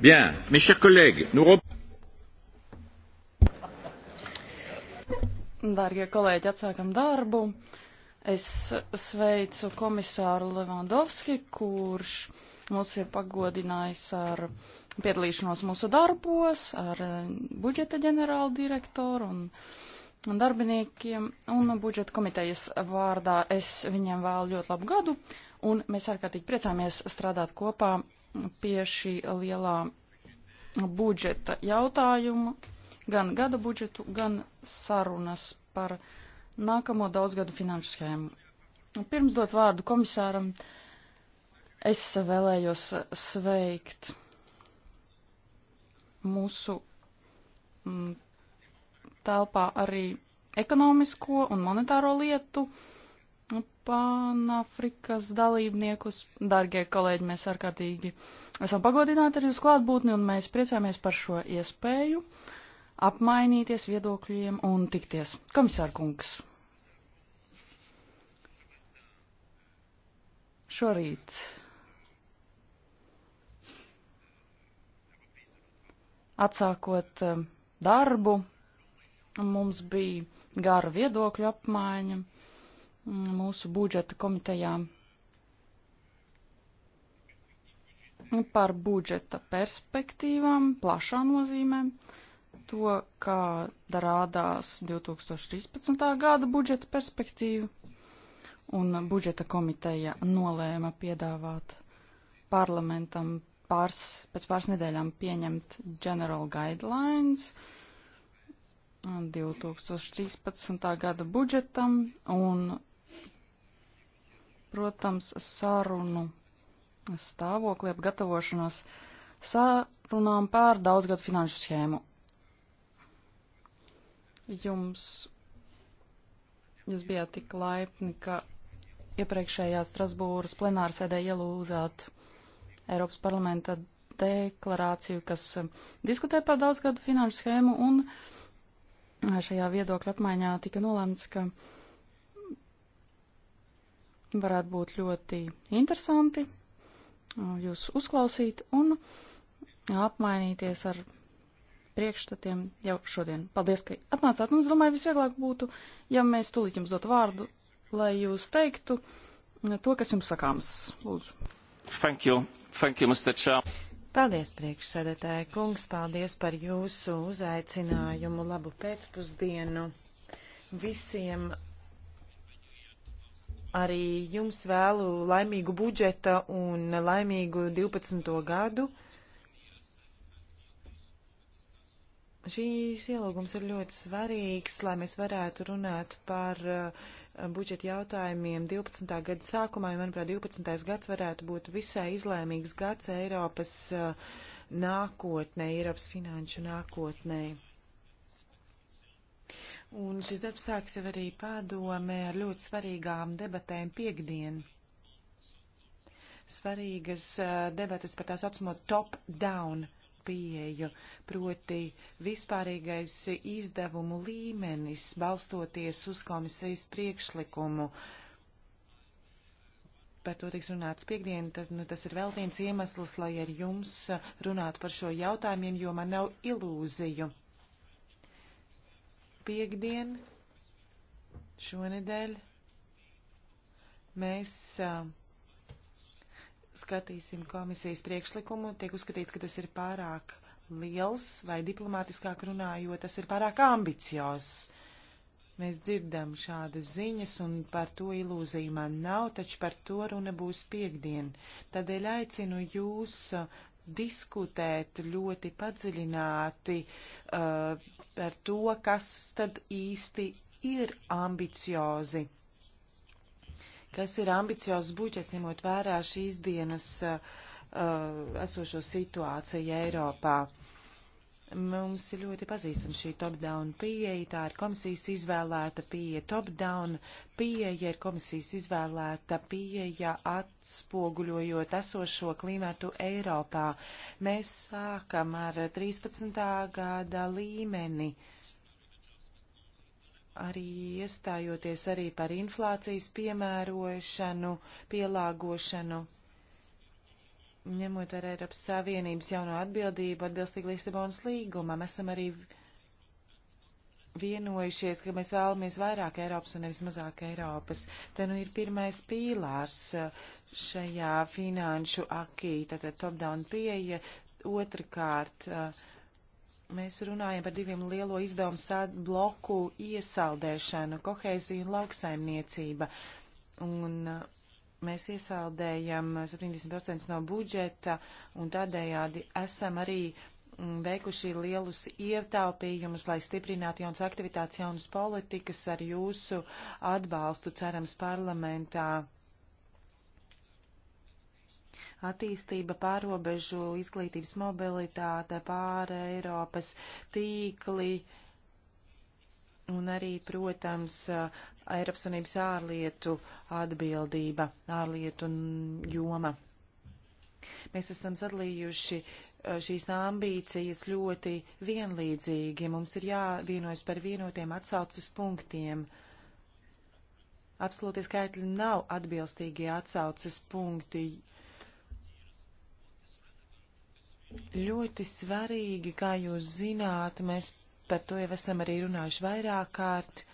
Bien, mes chers collègues, nous Dārgie kolēģi, atsākam darbu. Es sveicu komisāru Levandovski, kurš mūs ir pagodinājis ar piedalīšanos mūsu darbos, ar eh, budžeta ģenerālu direktoru un, un darbiniekiem un budžeta komitejas vārdā. Es viņiem vēlu ļoti labu gadu un mēs ārkārtīgi priecāmies strādāt kopā pie šī lielā budžeta jautājuma, gan gada budžetu, gan sarunas par nākamo daudzgadu finanšu schēmu. Pirms dot vārdu komisāram, es vēlējos sveikt mūsu mm, telpā arī ekonomisko un monetāro lietu uh, Nu, Panafrikas dalībniekus. Dargie kolēģi, mēs ārkārtīgi esam pagodināti ar jūsu klātbūtni un mēs priecāmies par šo iespēju apmainīties viedokļiem un tikties. Komisārkungs. Šorīt atsākot eh, darbu, mums bija gara viedokļu apmaiņa mūsu budžeta komitejā par budžeta perspektīvām plašā nozīmē, to, kā darādās 2013. gada budžeta perspektīvu, un budžeta komiteja nolēma piedāvāt parlamentam pāris, pēc pāris nedēļām pieņemt General Guidelines 2013. gada budžetam, un protams, sarunu stāvokli ap gatavošanos sarunām pār daudzgadu finanšu schēmu. Jums, jūs bijāt tik laipni, ka iepriekšējā Strasbūras plenārsēdē ielūzāt Eiropas parlamenta deklarāciju, kas diskutē par daudzgadu finanšu schēmu, un šajā viedokļa apmaiņā tika nolēmts, ka varētu būt ļoti interesanti jūs uzklausīt un apmainīties ar priekšstatiem jau šodien. Paldies, ka atnācāt. Un es domāju, visvieglāk būtu, ja mēs tūlīt jums dotu vārdu, lai jūs teiktu to, kas jums sakāms. Lūdzu. Thank you. Thank you, Mr. Chair. Paldies, priekšsēdētāji kungs, paldies par jūsu uzaicinājumu. Labu pēcpusdienu visiem Arī jums vēlu laimīgu budžeta un laimīgu 12. gadu. Šīs ielūgums ir ļoti svarīgs, lai mēs varētu runāt par uh, budžeta jautājumiem 12. gada sākumā, jo, manuprāt, 12. gads varētu būt visai izlēmīgs gads Eiropas uh, nākotnē, Eiropas finanšu nākotnē. Un šis darbs sāks jau arī padomē ar ļoti svarīgām debatēm piekdien. Svarīgas debatas par tā saucamo top-down pieeju, proti vispārīgais izdevumu līmenis balstoties uz komisijas priekšlikumu. Par to tiks runāts piekdien, tad nu, tas ir vēl viens iemesls, lai ar jums runātu par šo jautājumiem, jo man nav ilūziju piekdien šonedēļ mēs uh, skatīsim komisijas priekšlikumu. Tiek uzskatīts, ka tas ir pārāk liels vai diplomātiskāk runājot, tas ir pārāk ambiciozs. Mēs dzirdam šādas ziņas, un par to ilūzija man nav, taču par to runa būs piekdien. Tādēļ aicinu jūs diskutēt ļoti padziļināti uh, par to, kas tad īsti ir ambiciozi. Kas ir ambiciozs budžets, ņemot vērā šīs dienas uh, uh esošo situāciju Eiropā. Uh, Mums ir ļoti pazīstama šī top-down pieeja, tā ir komisijas izvēlēta pieeja. Top-down pieeja ir komisijas izvēlēta pieeja atspoguļojot esošo klimatu Eiropā. Mēs sākam ar 13. gada līmeni. Arī iestājoties arī par inflācijas piemērošanu, pielāgošanu ņemot vērā Eiropas Savienības jauno atbildību atbilstīgi Lisabonas līgumam, esam arī vienojušies, ka mēs vēlamies vairāk Eiropas un nevis mazāk Eiropas. Te nu ir pirmais pīlārs uh, šajā finanšu akī, tātad top-down pieeja. Otrakārt, uh, mēs runājam par diviem lielo izdevumu bloku iesaldēšanu - kohēzija un lauksaimniecība. Un uh, mēs iesaldējam 70% no budžeta un tādējādi esam arī mm, veikuši lielus ietaupījumus, lai stiprinātu jaunas aktivitātes, jaunas politikas ar jūsu atbalstu, cerams, parlamentā. Attīstība, pārobežu, izglītības mobilitāte, pāra Eiropas tīkli un arī, protams, Eiropas Savienības ārlietu atbildība, ārlietu joma. Mēs esam sadalījuši eh, šīs ambīcijas ļoti vienlīdzīgi. Mums ir jāvienojas par vienotiem atsaucas punktiem. Absolūti skaitļi nav atbilstīgie atsaucas punkti. Ļoti svarīgi, kā jūs zināt, mēs par to jau esam arī runājuši vairāk kārt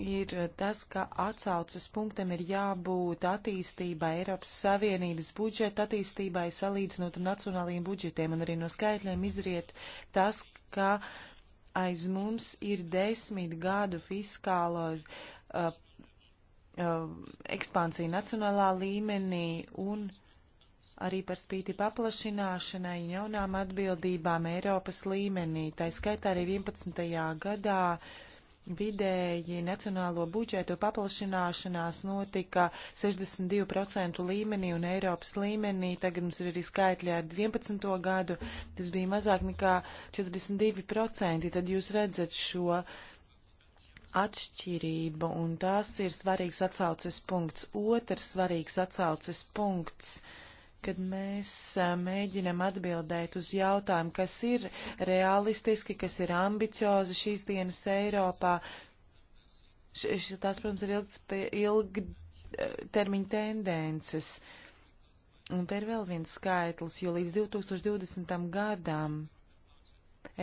ir tas, ka atsaucas punktam ir jābūt attīstībai, Eiropas Savienības budžeta attīstībai salīdzinot ar nacionālajiem budžetiem, un arī no skaitļiem izriet tas, ka aiz mums ir desmit gadu fiskālos uh, uh, ekspansija nacionālā līmenī un arī par spīti paplašināšanai un jaunām atbildībām Eiropas līmenī. Tā skaitā arī 11. gadā uh, Vidēji nacionālo budžetu paplašināšanās notika 62% līmenī un Eiropas līmenī. Tagad mums ir arī skaitļi ar 12. gadu. Tas bija mazāk nekā 42%. Tad jūs redzat šo atšķirību un tas ir svarīgs atsauces punkts. Otrs svarīgs atsauces punkts. Uh, kad mēs mēģinam atbildēt uz jautājumu, kas ir realistiski, kas ir ambiciozi šīs dienas Eiropā. Š, tās, protams, ir ilgtermiņa tendences. Un te ir vēl viens skaitlis, jo līdz 2020. gadam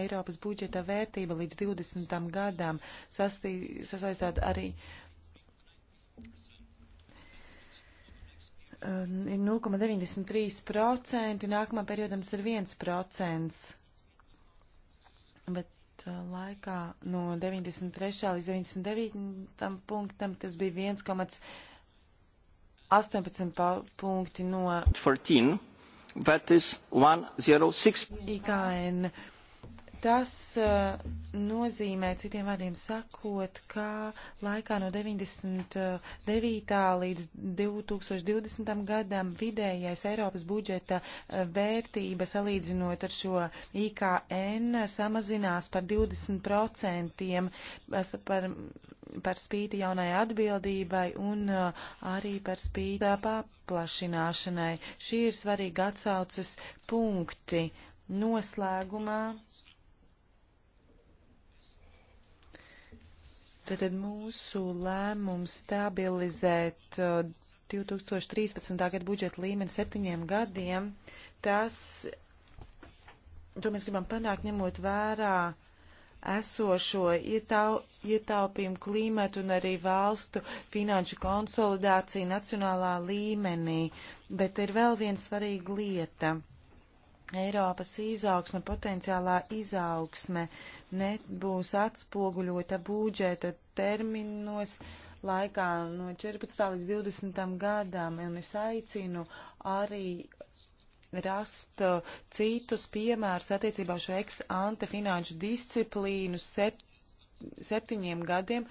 Eiropas budžeta vērtība līdz 20. gadam sasaistāt arī Uh, ir 0,93%, nākamā periodam tas ir 1%. Bet uh, laikā no 93. līdz 99. punktam tas bija 1,18 punkti no 14, that is 106. IKN. Tas uh, nozīmē, citiem vārdiem sakot, ka laikā no 99. līdz 2020. gadam vidējais Eiropas budžeta eh, vērtība salīdzinot ar šo IKN samazinās par 20% par, par spīti jaunai atbildībai un uh, arī par spīti paplašināšanai. Šī ir svarīga atsaucas punkti noslēgumā. Tātad mūsu lēmums stabilizēt 2013. Uh, gada budžeta līmeni septiņiem gadiem, tas, to mēs gribam panākt, ņemot vērā esošo ietau, ietaupījumu klimatu un arī valstu finanšu konsolidāciju nacionālā līmenī. Bet ir vēl viena svarīga lieta. Eiropas izaugsme, potenciālā izaugsme, nebūs atspoguļota budžeta terminos laikā no 14. līdz 20. gadam, un es aicinu arī rast uh, citus piemērus attiecībā šo ex-ante finanšu disciplīnu sept, septiņiem gadiem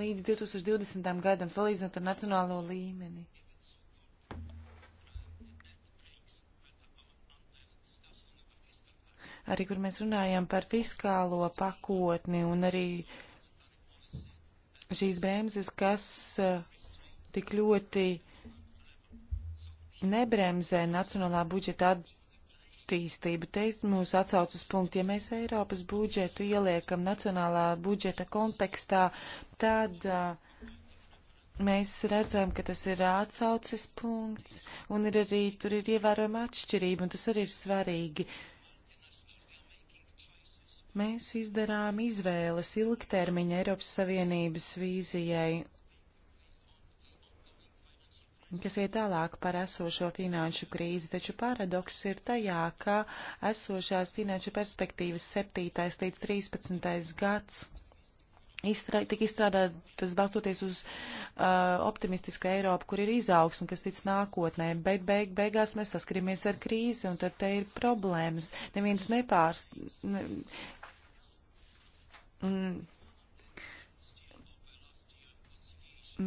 līdz 2020. gadam, salīdzinot ar nacionālo līmeni. arī kur mēs runājam par fiskālo pakotni un arī šīs bremzes, kas eh, tik ļoti nebremzē nacionālā budžeta attīstību. Te mūsu atsaucas punkti, ja mēs Eiropas budžetu ieliekam nacionālā budžeta kontekstā, tad uh, mēs redzam, ka tas ir atsauces punkts, un ir arī tur ir ievērojama atšķirība, un tas arī ir svarīgi. Uh, Mēs izdarām izvēles ilgtermiņa Eiropas Savienības vīzijai, kas iet tālāk par esošo finanšu krīzi, taču paradoks ir tajā, ka esošās finanšu perspektīvas 7. līdz 13. gads izstrā, tika izstrādātas balstoties uz uh, optimistisku Eiropu, kur ir izaugsme, kas tic nākotnē, bet beig, beigās mēs saskaramies ar krīzi, un tad te ir problēmas. Neviens nepārst. Ne, Mm.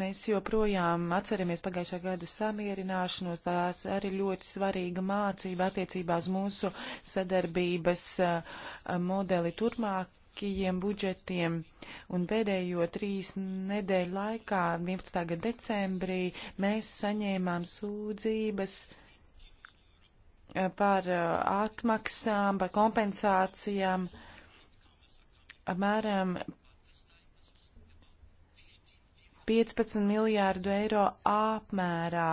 Mēs joprojām atceramies pagājušā gada samierināšanos. Tās arī ļoti svarīga mācība attiecībā uz mūsu sadarbības eh, modeli turpmākajiem budžetiem. Un pēdējo trīs nedēļu laikā, 11. gada decembrī, mēs saņēmām sūdzības eh, par eh, atmaksām, par kompensācijām. Uh, apmēram 15 miljārdu eiro apmērā.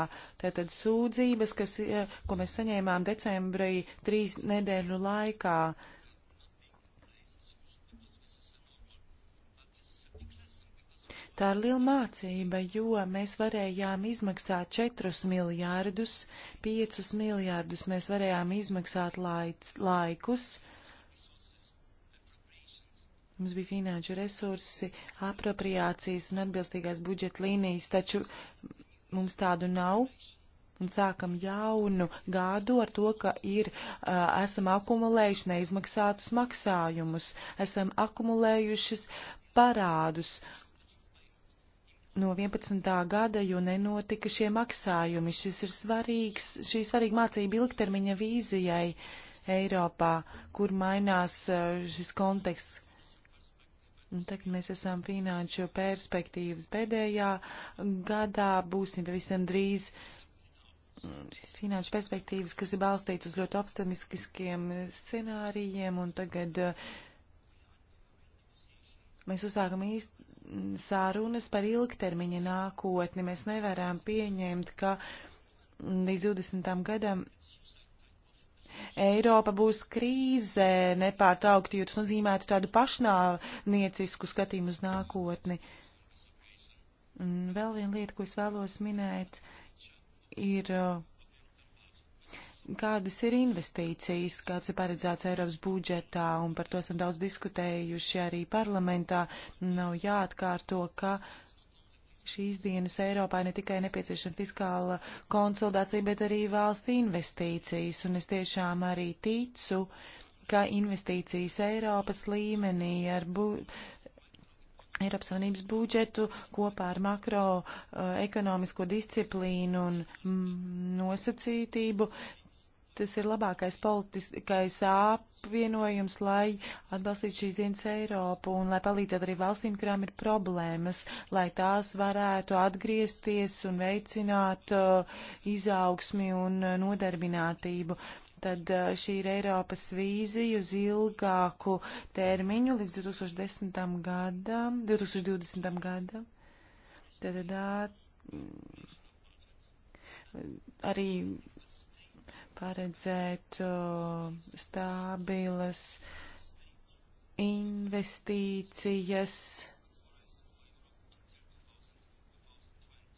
Tātad sūdzības, kas, e, ko mēs saņēmām decembrī trīs nedēļu laikā. Tā ir liela mācība, jo mēs varējām izmaksāt 4 miljārdus, 5 miljārdus mēs varējām izmaksāt laic, laikus. Mums bija finanšu resursi, apropriācijas un atbilstīgās budžeta līnijas, taču mums tādu nav. Un sākam jaunu gādu ar to, ka ir, uh, esam akumulējuši neizmaksātus maksājumus, esam akumulējušas parādus no 11. gada, jo nenotika šie maksājumi. Šis ir svarīgs, šī svarīga mācība ilgtermiņa vīzijai Eiropā, kur mainās uh, šis konteksts Un tagad mēs esam finanšu perspektīvas pēdējā gadā, būsim pavisam drīz mm, šīs finanšu perspektīvas, kas ir balstītas uz ļoti optimistiskiem scenārijiem, un tagad eh, mēs uzsākam īsti sārunas par ilgtermiņa nākotni. Mēs nevaram pieņemt, ka līdz 20. gadam Eiropa būs krīzē nepārtraukti, jo tas nozīmētu tādu pašnāvniecisku skatījumu uz nākotni. Un vēl viena lieta, ko es vēlos minēt, ir uh, kādas ir investīcijas, kāds ir paredzēts Eiropas budžetā, un par to esam daudz diskutējuši arī parlamentā. Nav jāatkārto, ka uh, Šīs dienas Eiropā ne tikai nepieciešama fiskāla konsolidācija, bet arī valsts investīcijas, un es tiešām arī ticu, ka investīcijas Eiropas līmenī ar bu Eiropas Savienības budžetu kopā ar makroekonomisko uh, disciplīnu un mm, nosacītību tas ir labākais politiskais apvienojums, lai atbalstītu šīs dienas Eiropu un lai palīdzētu arī valstīm, kurām ir problēmas, lai tās varētu atgriezties un veicināt uh, izaugsmi un uh, nodarbinātību. Tad uh, šī ir Eiropas vīzija uz ilgāku termiņu līdz 2010. gadam, 2020. gadam. Tad, tad, mm, arī paredzēt stabilas investīcijas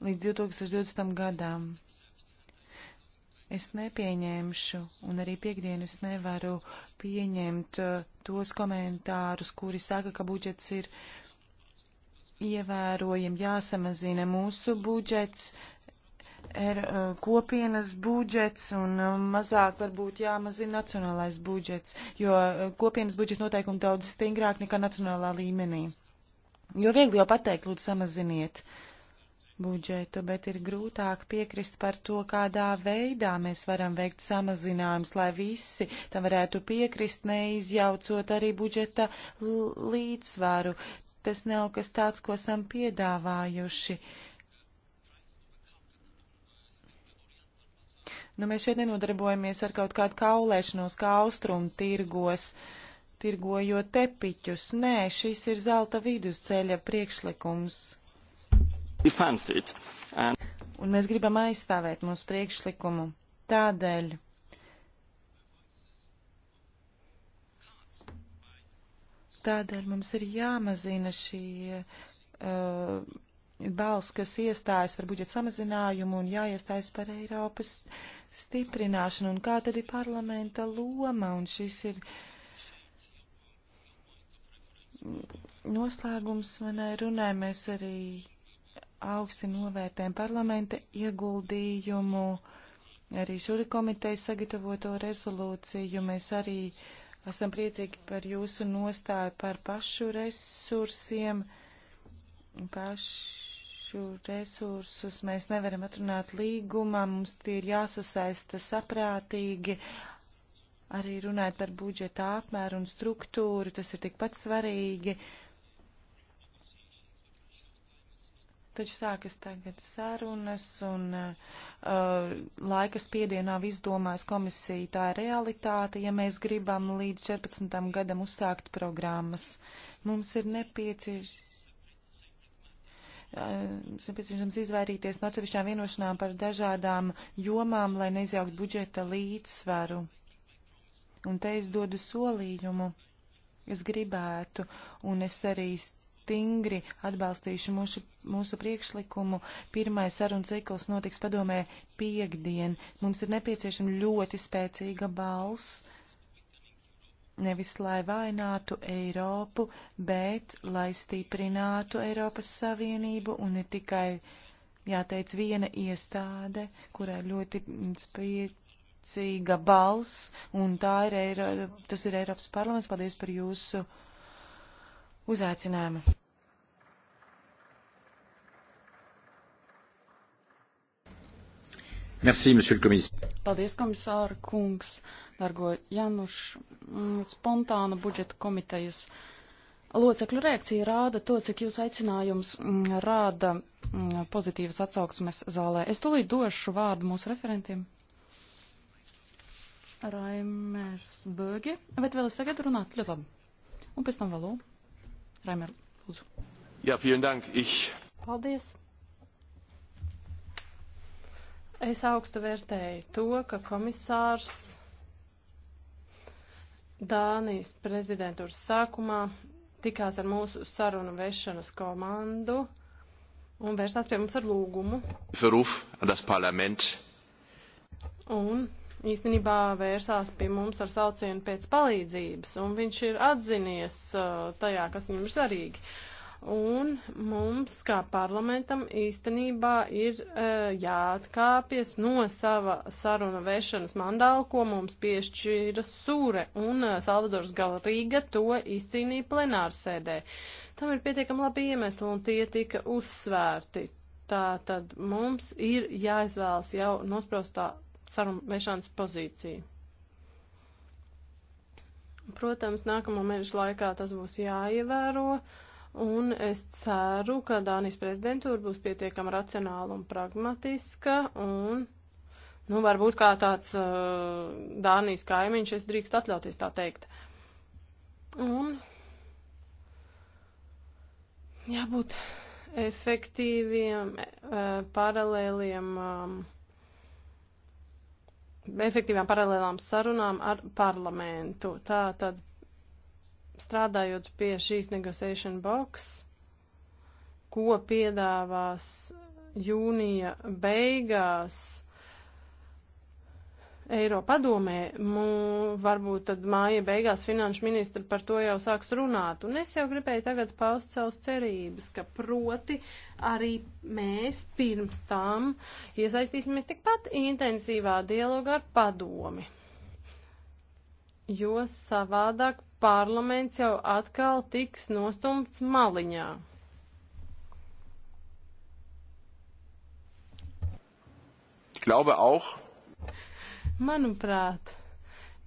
līdz 2020. gadam. Es nepieņemšu, un arī piekdien es nevaru pieņemt tos komentārus, kuri saka, ka budžets ir ievērojami jāsamazina mūsu budžets, ir eh, kopienas budžets un eh, mazāk varbūt jāmazina nacionālais budžets, jo eh, kopienas budžeta noteikumi daudz stingrāk nekā nacionālā līmenī. Jo viegli jau pateikt, lūdzu, samaziniet budžetu, bet ir grūtāk piekrist par to, kādā veidā mēs varam veikt samazinājumus, lai visi tam varētu piekrist, neizjaucot arī budžeta līdzsvaru. Tas nav kas tāds, ko esam piedāvājuši. Uh, Nu, mēs šeit nenodarbojamies ar kaut kādu kaulēšanos kā austrumu tirgos, tirgojot tepiķus. Nē, šis ir zelta vidusceļa priekšlikums. Un mēs gribam aizstāvēt mūsu priekšlikumu. Tādēļ. Tādēļ mums ir jāmazina šī uh, balss, kas iestājas par budžeta samazinājumu un jāiestājas par Eiropas stiprināšanu, un kā tad ir parlamenta loma, un šis ir noslēgums manai runai. Mēs arī augsti novērtējam parlamenta ieguldījumu, arī šuri komitejas sagatavoto rezolūciju. Mēs arī esam priecīgi par jūsu nostāju par pašu resursiem. Uh, pašu resursus mēs nevaram atrunāt līgumā, mums tie ir jāsasaista saprātīgi. Arī runājot par budžeta apmēru un struktūru, tas ir tikpat svarīgi. Taču sākas tagad sarunas un uh, laika spiedienā izdomās komisija tā ir realitāte, ja mēs gribam līdz 14. gadam uzsākt programmas. Mums ir nepieciešams Mums nepieciešams izvairīties no atsevišķām vienošanām par dažādām jomām, lai neizjaukt budžeta līdzsvaru. Un te es dodu solījumu. Es gribētu, un es arī stingri atbalstīšu mūsu, mūsu priekšlikumu. Pirmais sarunu cikls notiks padomē piekdien. Mums ir nepieciešama ļoti spēcīga balss nevis lai vainātu Eiropu, bet lai stiprinātu Eiropas Savienību un ir tikai, jāteic, viena iestāde, kurai ļoti spēcīga balss, un tā ir, Eiro, tas ir Eiropas parlaments. Paldies par jūsu uzaicinājumu. Merci, monsieur le commissaire. Paldies, komisāra kungs. Dargo Januš, mm, spontāna budžeta komitejas locekļu reakcija rāda to, cik jūs aicinājums mm, rāda mm, pozitīvas atsauksmes zālē. Es tūlīt došu vārdu mūsu referentiem. Raimers Böge. Bet vēl es tagad runāt? Ļoti labi. Un pēc tam vēl Raimer, lūdzu. Jā, ja, vielen dank. Ich. Paldies. Es augstu vērtēju to, ka komisārs Dānijas prezidentūras sākumā tikās ar mūsu sarunu vešanas komandu un vērsās pie mums ar lūgumu. Verruf an das Parlament. Un īstenībā vērsās pie mums ar saucienu pēc palīdzības, un viņš ir atzinies uh, tajā, kas viņam ir svarīgi. Uh, un mums kā parlamentam īstenībā ir e, jāatkāpjas no sava saruna vešanas mandāla, ko mums piešķīra Sūre, un e, Salvadors Galarīga to izcīnīja plenārsēdē. Tam ir pietiekami labi iemesli, un tie tika uzsvērti. Tā tad mums ir jāizvēlas jau nospraustā saruna vešanas pozīcija. Protams, nākamo mēnešu laikā tas būs jāievēro. Uh, un es ceru, ka Dānijas prezidentūra būs pietiekama racionāla un pragmatiska, un, nu, varbūt kā tāds uh, Dānijas kaimiņš, es drīkst atļauties tā teikt. Un jābūt efektīviem, uh, paralēliem. Um, efektīvām paralēlām sarunām ar parlamentu. Tā tad strādājot pie šīs negotiation box, ko piedāvās jūnija beigās Eiropadomē, varbūt tad māja beigās finanšu ministra par to jau sāks runāt. Un es jau gribēju tagad paust savus cerības, ka proti arī mēs pirms tam iesaistīsimies tikpat intensīvā dialogā ar padomi jo savādāk parlaments jau atkal tiks nostumts maliņā. glaube auch. Manuprāt,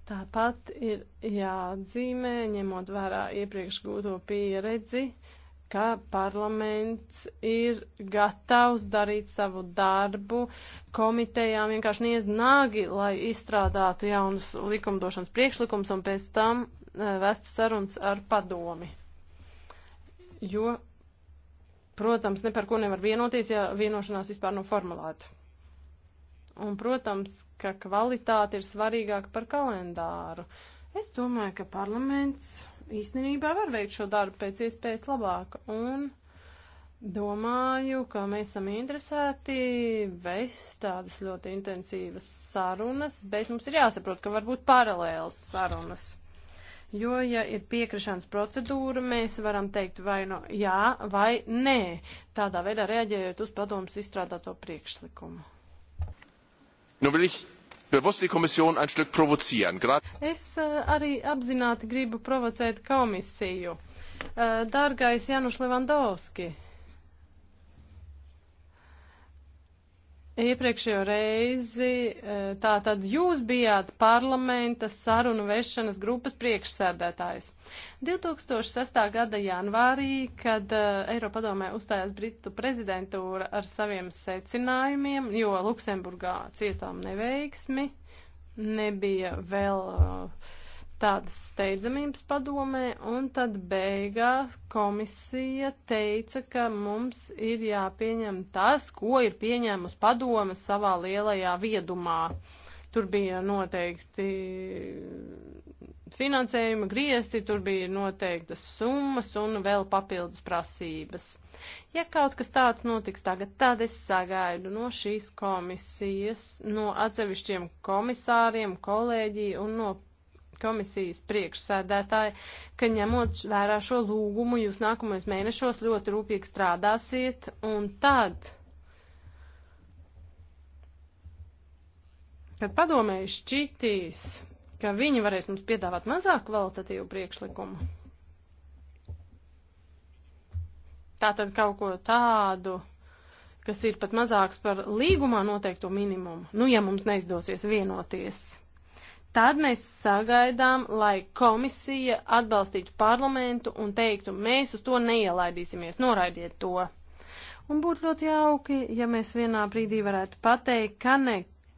tāpat ir jāatzīmē, ņemot vērā iepriekš gūto pieredzi, uh, ka parlaments ir gatavs darīt savu darbu, komitejām vienkārši niez nāgi, lai izstrādātu jaunus likumdošanas priekšlikums un pēc tam e, vestu sarunas ar padomi. Jo, protams, ne par ko nevar vienoties, ja vienošanās vispār nav no formulēta. Un, protams, ka kvalitāte ir svarīgāka par kalendāru. Es domāju, ka parlaments īstenībā var veikt šo darbu pēc iespējas labāk. Un domāju, ka mēs esam interesēti vest tādas ļoti intensīvas sarunas, bet mums ir jāsaprot, ka varbūt paralēlas sarunas. Jo, ja ir piekrišanas procedūra, mēs varam teikt vai no jā vai nē, tādā veidā reaģējot uz padomus izstrādāto priekšlikumu. Nu, no, bewusst die Kommission ein Stück provozieren. Gra es äh, arī apzināti gribu provocēt komisiju. Äh, Dārgais Januš Levandovski. Iepriekšējo reizi e, tā tad jūs bijāt parlamenta sarunu vešanas grupas priekšsēdētājs. 2006. gada janvārī, kad e, Eiropadomē uzstājās Britu prezidentūra ar saviem secinājumiem, jo Luksemburgā cietām neveiksmi, nebija vēl uh, tādas steidzamības padomē, un tad beigās komisija teica, ka mums ir jāpieņem tas, ko ir pieņēmusi padome savā lielajā viedumā. Tur bija noteikti finansējuma griesti, tur bija noteiktas summas un vēl papildus prasības. Ja kaut kas tāds notiks tagad, tad es sagaidu no šīs komisijas, no atsevišķiem komisāriem, kolēģiju un no komisijas priekšsēdētāji, ka ņemot vērā šo lūgumu, jūs nākamajos mēnešos ļoti rūpīgi strādāsiet, un tad, kad padomēji šķitīs, ka viņi varēs mums piedāvāt mazāk kvalitatīvu priekšlikumu, tātad kaut ko tādu, kas ir pat mazāks par līgumā noteikto minimumu, nu, ja mums neizdosies vienoties tad mēs sagaidām, lai komisija atbalstītu parlamentu un teiktu, mēs uz to neielaidīsimies, noraidiet to. Un būtu ļoti jauki, ja mēs vienā brīdī varētu pateikt, ka ne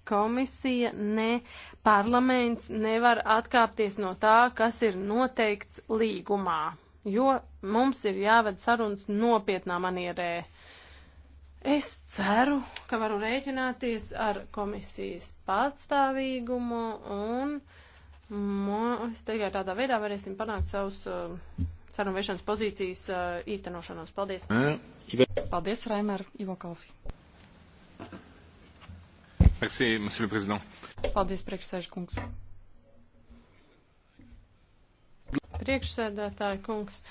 komisija, ne parlaments nevar atkāpties no tā, kas ir noteikts līgumā, jo mums ir jāved sarunas nopietnā manierē. Es ceru, ka varu rēķināties ar komisijas patstāvīgumu un mēs tikai tādā veidā varēsim panākt savus uh, sarunvešanas pozīcijas uh, īstenošanos. Paldies! Paldies, Raimer Ivo Kalfi! Merci, monsieur le président. Paldies, priekšsēžkungs. Priekšsēdētāji kungs.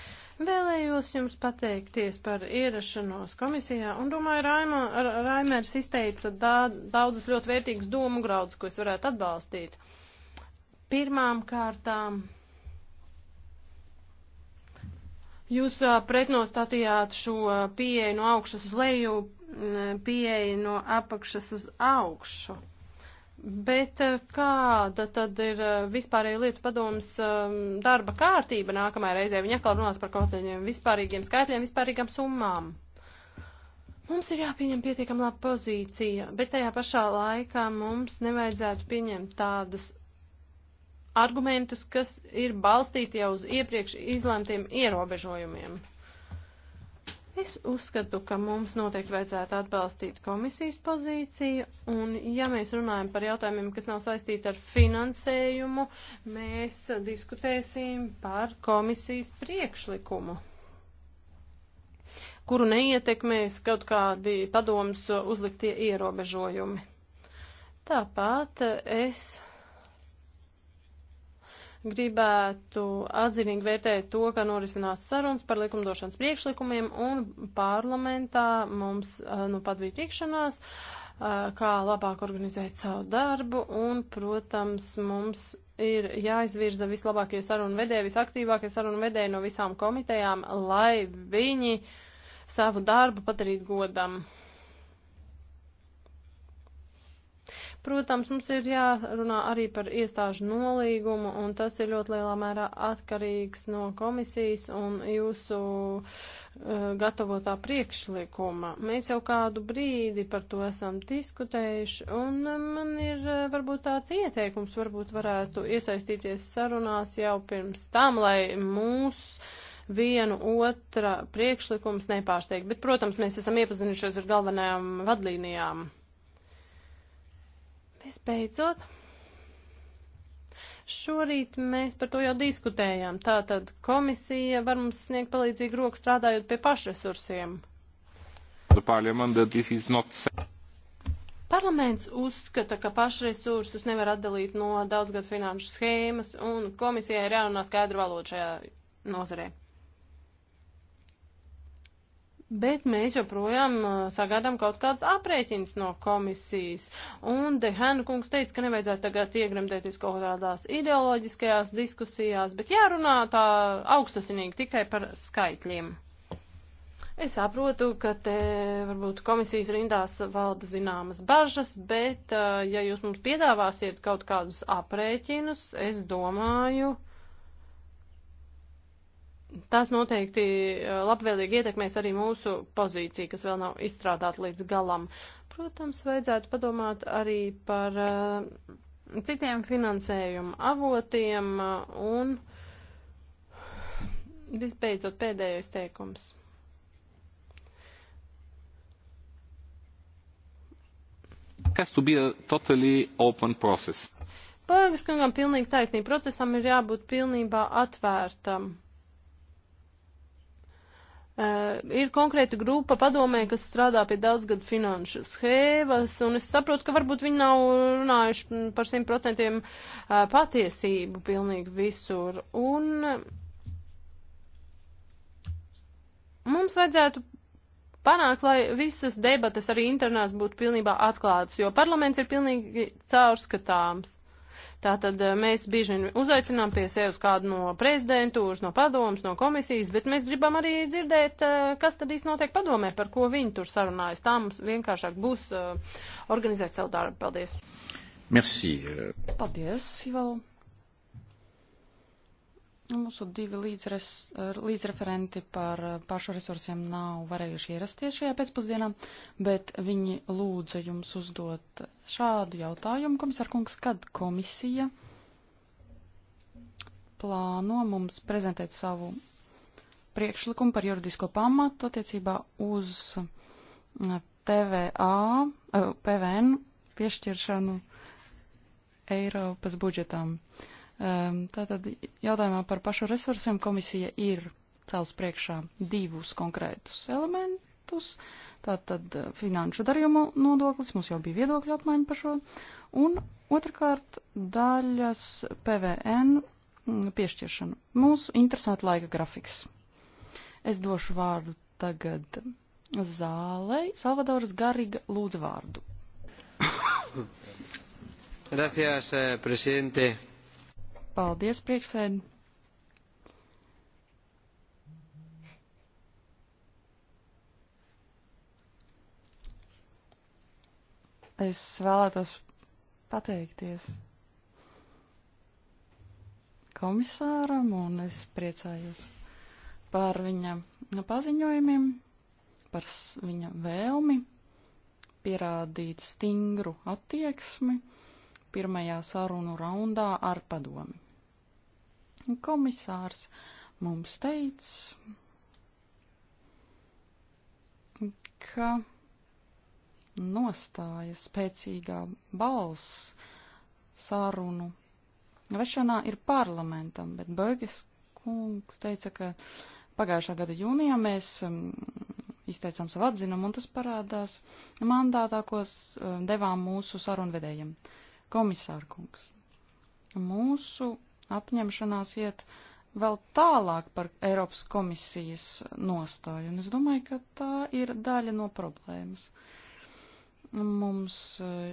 Vēlējos jums pateikties par ierašanos komisijā un domāju, Raima, Raimers izteica dā, daudzus ļoti vērtīgus domu graudus, ko es varētu atbalstīt. Pirmām kārtām. Jūs pretnostatījāt šo pieeju no augšas uz leju, pieeju no apakšas uz augšu. Bet eh, kāda tad ir eh, vispārēja lietu padomas eh, darba kārtība nākamajā reizē? Viņa atkal runās par kaut kādiem vispārīgiem skaitļiem, vispārīgām summām. Mums ir jāpieņem pietiekam laba pozīcija, bet tajā pašā laikā mums nevajadzētu pieņemt tādus argumentus, kas ir balstīti jau uz iepriekš izlēmtiem ierobežojumiem. Es uzskatu, ka mums noteikti vajadzētu atbalstīt komisijas pozīciju, un ja mēs runājam par jautājumiem, kas nav saistīti ar finansējumu, mēs diskutēsim par komisijas priekšlikumu, kuru neietekmēs kaut kādi padomus uzliktie ierobežojumi. Tāpat es gribētu atzinīgi vērtēt to, ka norisinās sarunas par likumdošanas priekšlikumiem un parlamentā mums eh, nu pat bija tikšanās, eh, kā labāk organizēt savu darbu un, protams, mums ir jāizvirza vislabākie sarunu vedēji, visaktīvākie sarunu vedēji no visām komitejām, lai viņi savu darbu padarītu godam. Protams, mums ir jārunā arī par iestāžu nolīgumu, un tas ir ļoti lielā mērā atkarīgs no komisijas un jūsu uh, gatavotā priekšlikuma. Mēs jau kādu brīdi par to esam diskutējuši, un eh, man ir uh, varbūt tāds ieteikums, varbūt varētu iesaistīties sarunās jau pirms tam, lai mūs vienu otra priekšlikums nepārsteigtu. Bet, protams, mēs esam iepazinušies ar galvenajām vadlīnijām. Visbeidzot, šorīt mēs par to jau diskutējām. Tātad komisija var mums sniegt palīdzīgu roku strādājot pie pašresursiem. Not... Parlaments uzskata, ka pašresursus nevar atdalīt no daudzgad finanšu schēmas, un komisijai ir jārunā skaidru valodu šajā nozarē. Bet mēs joprojām sagaidām kaut kādas aprēķinas no komisijas. Un Dehēna kungs teica, ka nevajadzētu tagad iegremdēties kaut kādās ideoloģiskajās diskusijās, bet jārunā tā augstasinīgi tikai par skaitļiem. Es saprotu, ka te varbūt komisijas rindās valda zināmas bažas, bet ja jūs mums piedāvāsiet kaut kādus aprēķinus, es domāju, tas noteikti e, labvēlīgi ietekmēs arī mūsu pozīciju, kas vēl nav izstrādāta līdz galam. Protams, vajadzētu padomāt arī par e, citiem finansējuma avotiem e, un visbeidzot pēdējais teikums. Has to be a totally open process. Pagagas kungam pilnīgi taisnība. Procesam ir jābūt pilnībā atvērtam. Uh, ir konkrēta grupa padomē, kas strādā pie daudzgadu finanšu schēmas, un es saprotu, ka varbūt viņi nav runājuši par 100% uh, eh, patiesību pilnīgi visur. Un eh, mums vajadzētu panākt, lai visas debatas arī internās būtu pilnībā atklātas, jo parlaments ir pilnīgi caurskatāms. Tātad eh, mēs bieži vien uzaicinām pie sevis kādu no prezidentūras, no padomas, no komisijas, bet mēs gribam arī dzirdēt, eh, kas tad īsti notiek padomē, par ko viņi tur sarunājas. Tā mums vienkāršāk būs eh, organizēt savu darbu. Paldies! Merci! Paldies, Ivalu! Nu, mūsu divi līdzres, līdzreferenti par pašu resursiem nav varējuši ierasties šajā pēcpusdienā, bet viņi lūdza jums uzdot šādu jautājumu, komisārkungs, kad komisija plāno mums prezentēt savu priekšlikumu par juridisko pamatu attiecībā uz TVA, eh, PVN piešķiršanu Eiropas budžetām. Uh, Ehm, tātad jautājumā par pašu resursiem komisija ir cels priekšā divus konkrētus elementus. Tātad eh, finanšu darījumu nodoklis, mums jau bija viedokļa apmaiņa par šo. Un otrkārt daļas PVN mm, piešķiršana. Mūsu interesēta laika grafiks. Es došu vārdu tagad zālei. Salvadoras Garīga lūdzu vārdu. Gracias, eh, presidente. Paldies, priekšsēdi. Es vēlētos pateikties komisāram, un es priecājos par viņa nu, paziņojumiem, par viņa vēlmi pierādīt stingru attieksmi pirmajā sarunu raundā ar padomi. Komisārs mums teica, ka nostāja spēcīgā balss sarunu vešanā ir parlamentam, bet Berges kungs teica, ka pagājušā gada jūnijā mēs um, izteicām savu atzinumu, un tas parādās mandātā, ko um, devām mūsu sarunvedējiem. Komisārkungs, mūsu apņemšanās iet vēl tālāk par Eiropas komisijas nostāju, un es domāju, ka tā ir daļa no problēmas. Mums eh,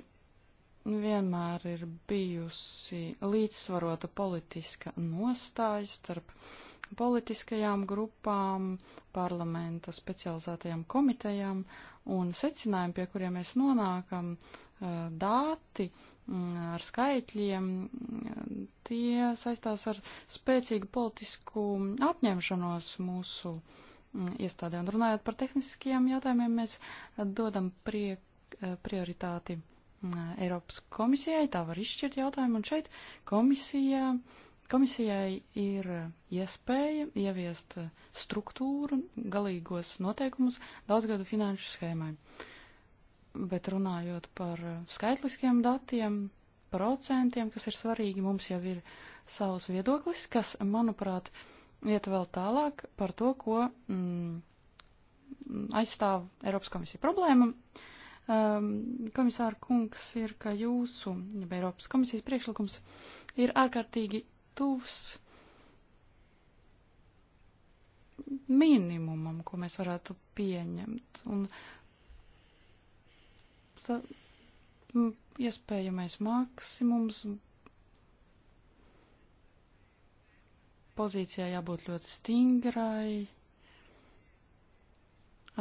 vienmēr ir bijusi līdzsvarota politiska nostāja starp politiskajām grupām, parlamenta specializētajām komitejām un secinājumi, pie kuriem mēs nonākam, eh, dāti ar skaitļiem, tie saistās ar spēcīgu politisku apņemšanos mūsu mm, iestādē. Un runājot par tehniskajiem jautājumiem, mēs dodam prie, eh, prioritāti mm, Eiropas komisijai, tā var izšķirt jautājumu, un šeit komisija, komisijai ir iespēja ieviest struktūru, galīgos noteikumus daudzgadu finanšu schēmai. Uh, Bet runājot par skaitliskiem datiem, procentiem, kas ir svarīgi, mums jau ir savs viedoklis, kas, manuprāt, iet vēl tālāk par to, ko mm, aizstāv Eiropas komisija. Problēma, um, komisāra kungs, ir, ka jūsu, ja Eiropas komisijas priekšlikums ir ārkārtīgi tuvs minimumam, ko mēs varētu pieņemt. Un Mm, iespējamais maksimums. Pozīcijā jābūt ļoti stingrai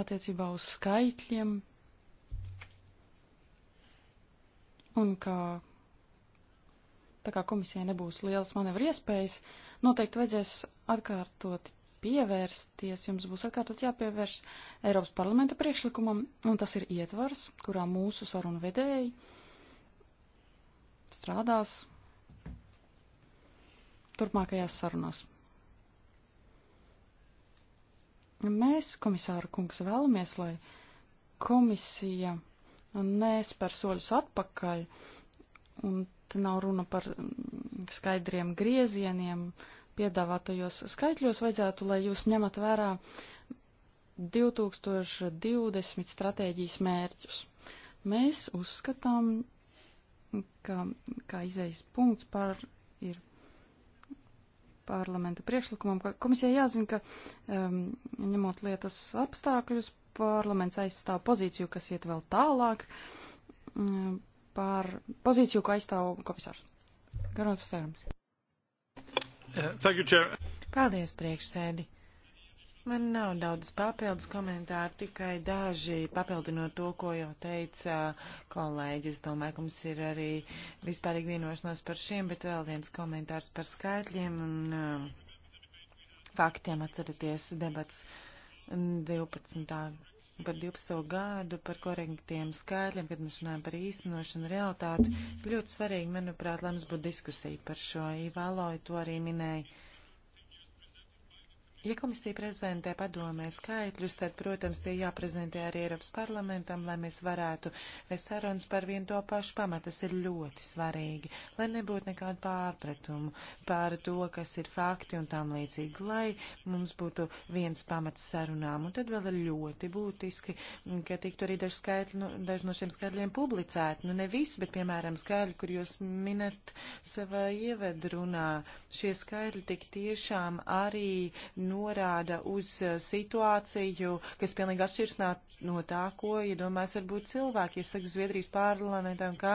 attiecībā uz skaitļiem un kā tā kā komisijai nebūs liels manevru iespējas, noteikti vajadzēs atkārtot pievērsties, jums būs atkārtot jāpievērš Eiropas parlamenta priekšlikumam, un tas ir ietvars, kurā mūsu sarunu vedēji strādās turpmākajās sarunās. Mēs, komisāra kungs, vēlamies, lai komisija nespēr soļus atpakaļ, un te nav runa par skaidriem griezieniem, uh, piedāvātajos skaitļos vajadzētu, lai jūs ņemat vērā 2020 stratēģijas mērķus. Mēs uzskatām, ka kā izējas punkts par ir parlamenta priekšlikumam, ka komisijai jāzina, ka um, ņemot lietas apstākļus, parlaments aizstāv pozīciju, kas iet vēl tālāk um, par pozīciju, ko aizstāv komisārs Garons Ferms. Thank you, Chair. Paldies, priekšsēdi. Man nav daudz papildus komentāru, tikai daži papildinot to, ko jau teica kolēģis. Domāju, ka mums ir arī vispārīgi vienošanās par šiem, bet vēl viens komentārs par skaitļiem un uh, faktiem atceraties debats 12. Um, par 12. gadu, par korektiem skaitļiem, kad mēs runājam par īstenošanu realitāti. Ļoti svarīgi, manuprāt, lai mums būtu diskusija par šo īvēloju, to arī minēja Ja komisija prezentē padomē skaitļus, tad, protams, tie jāprezentē arī Eiropas parlamentam, lai mēs varētu vest sarunas par vienu to pašu pamatu. Tas ir ļoti svarīgi, lai nebūtu nekādu pārpratumu par to, kas ir fakti un tam līdzīgi, lai mums būtu viens pamats sarunām. Un tad vēl ir ļoti būtiski, ka tiktu arī daži skaitļi, nu, daži no šiem skaitļiem publicēti. Nu, ne visi, bet, piemēram, skaitļi, kur jūs minat savā ievadrunā, šie skaitļi tik tiešām arī. Nu, norāda uz uh, situāciju, kas pilnīgi atšķirs no tā, ko iedomājas ja varbūt cilvēki. Es saku Zviedrijas parlamentam, ka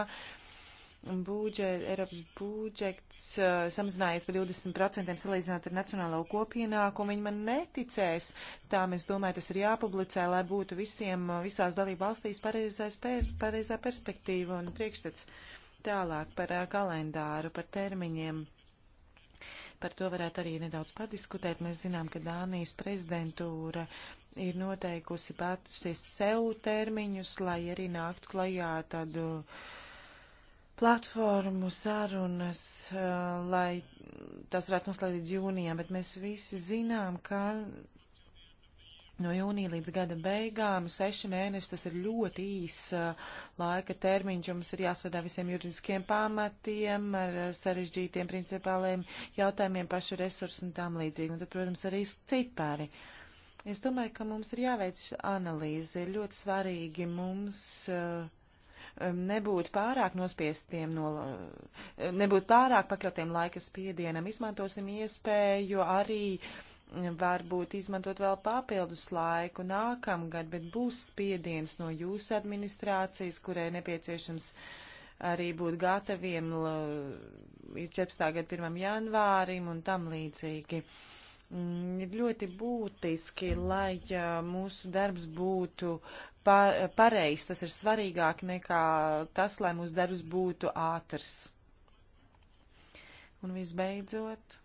budžet, Eiropas budžets uh, samazinājies par 20% salīdzinot ar nacionālo kopienākumu. Viņi man neticēs. Tā mēs domāju, tas ir jāpublicē, lai būtu visiem uh, visās dalību valstīs pareizais, per, pareizā perspektīva un priekšstats. Tālāk par uh, kalendāru, par termiņiem. Par to varētu arī nedaudz padiskutēt. Mēs zinām, ka Dānijas prezidentūra ir noteikusi patusi sev termiņus, lai arī nāktu klajā tādu platformu sarunas, eh, lai tas varētu noslēgt jūnijā, bet mēs visi zinām, ka No jūnija līdz gada beigām seši mēneši, tas ir ļoti īs uh, laika termiņš, jums ir jāsadā visiem juridiskiem pamatiem, ar uh, sarežģītiem principāliem jautājumiem, pašu resursu un tām līdzīgi. Un tad, protams, arī cipari. Es domāju, ka mums ir jāveic analīze, ir ļoti svarīgi mums uh, um, nebūt pārāk nospiestiem, no, nebūt pārāk pakļautiem laika spiedienam, izmantosim iespēju arī uh, varbūt izmantot vēl papildus laiku nākamgad, bet būs spiediens no jūsu administrācijas, kurai nepieciešams arī būt gataviem līdz 14. gada 1. janvārim un tam līdzīgi. Mm, ir ļoti būtiski, lai mūsu darbs būtu pareizs. Tas ir svarīgāk nekā tas, lai mūsu darbs būtu ātrs. Un visbeidzot.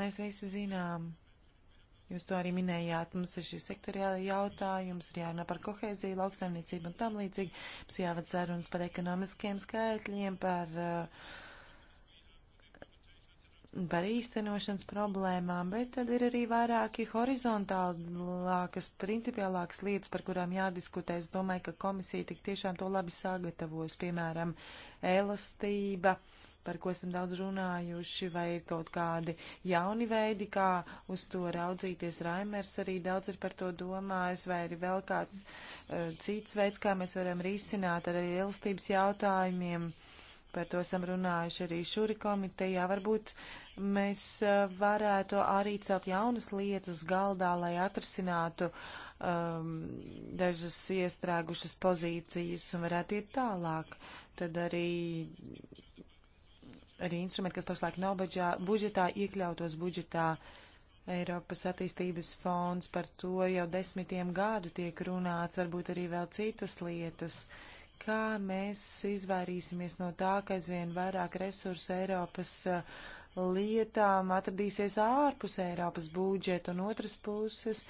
Mēs visi zinām, jūs to arī minējāt, mums ir šī sektoriāla jautājums, ir jārunā par kohēziju, lauksaimniecību un tam līdzīgi, mums jāved sarunas par ekonomiskiem skaitļiem, par, uh, par īstenošanas problēmām, bet tad ir arī vairāki horizontālākas, principiālākas lietas, par kurām jādiskutē. Es domāju, ka komisija tik tiešām to labi sagatavos, piemēram, elastība. Uh, par ko esam daudz runājuši, vai ir kaut kādi jauni veidi, kā uz to raudzīties. Raimers arī daudz ir par to domājis, vai ir vēl kāds uh, cits veids, kā mēs varam risināt ar ielstības jautājumiem. Par to esam runājuši arī šuri komitejā. Varbūt mēs uh, varētu arī celt jaunas lietas galdā, lai atrasinātu um, dažas iestrēgušas pozīcijas un varētu iet tālāk. Tad arī arī instrumenti, kas pašlaik nav budžā, budžetā, iekļautos budžetā. Eiropas attīstības fonds par to jau desmitiem gadu tiek runāts, varbūt arī vēl citas lietas. Kā mēs izvairīsimies no tā, ka aizvien vairāk resursu Eiropas uh, lietām atradīsies ārpus Eiropas budžeta, un otras puses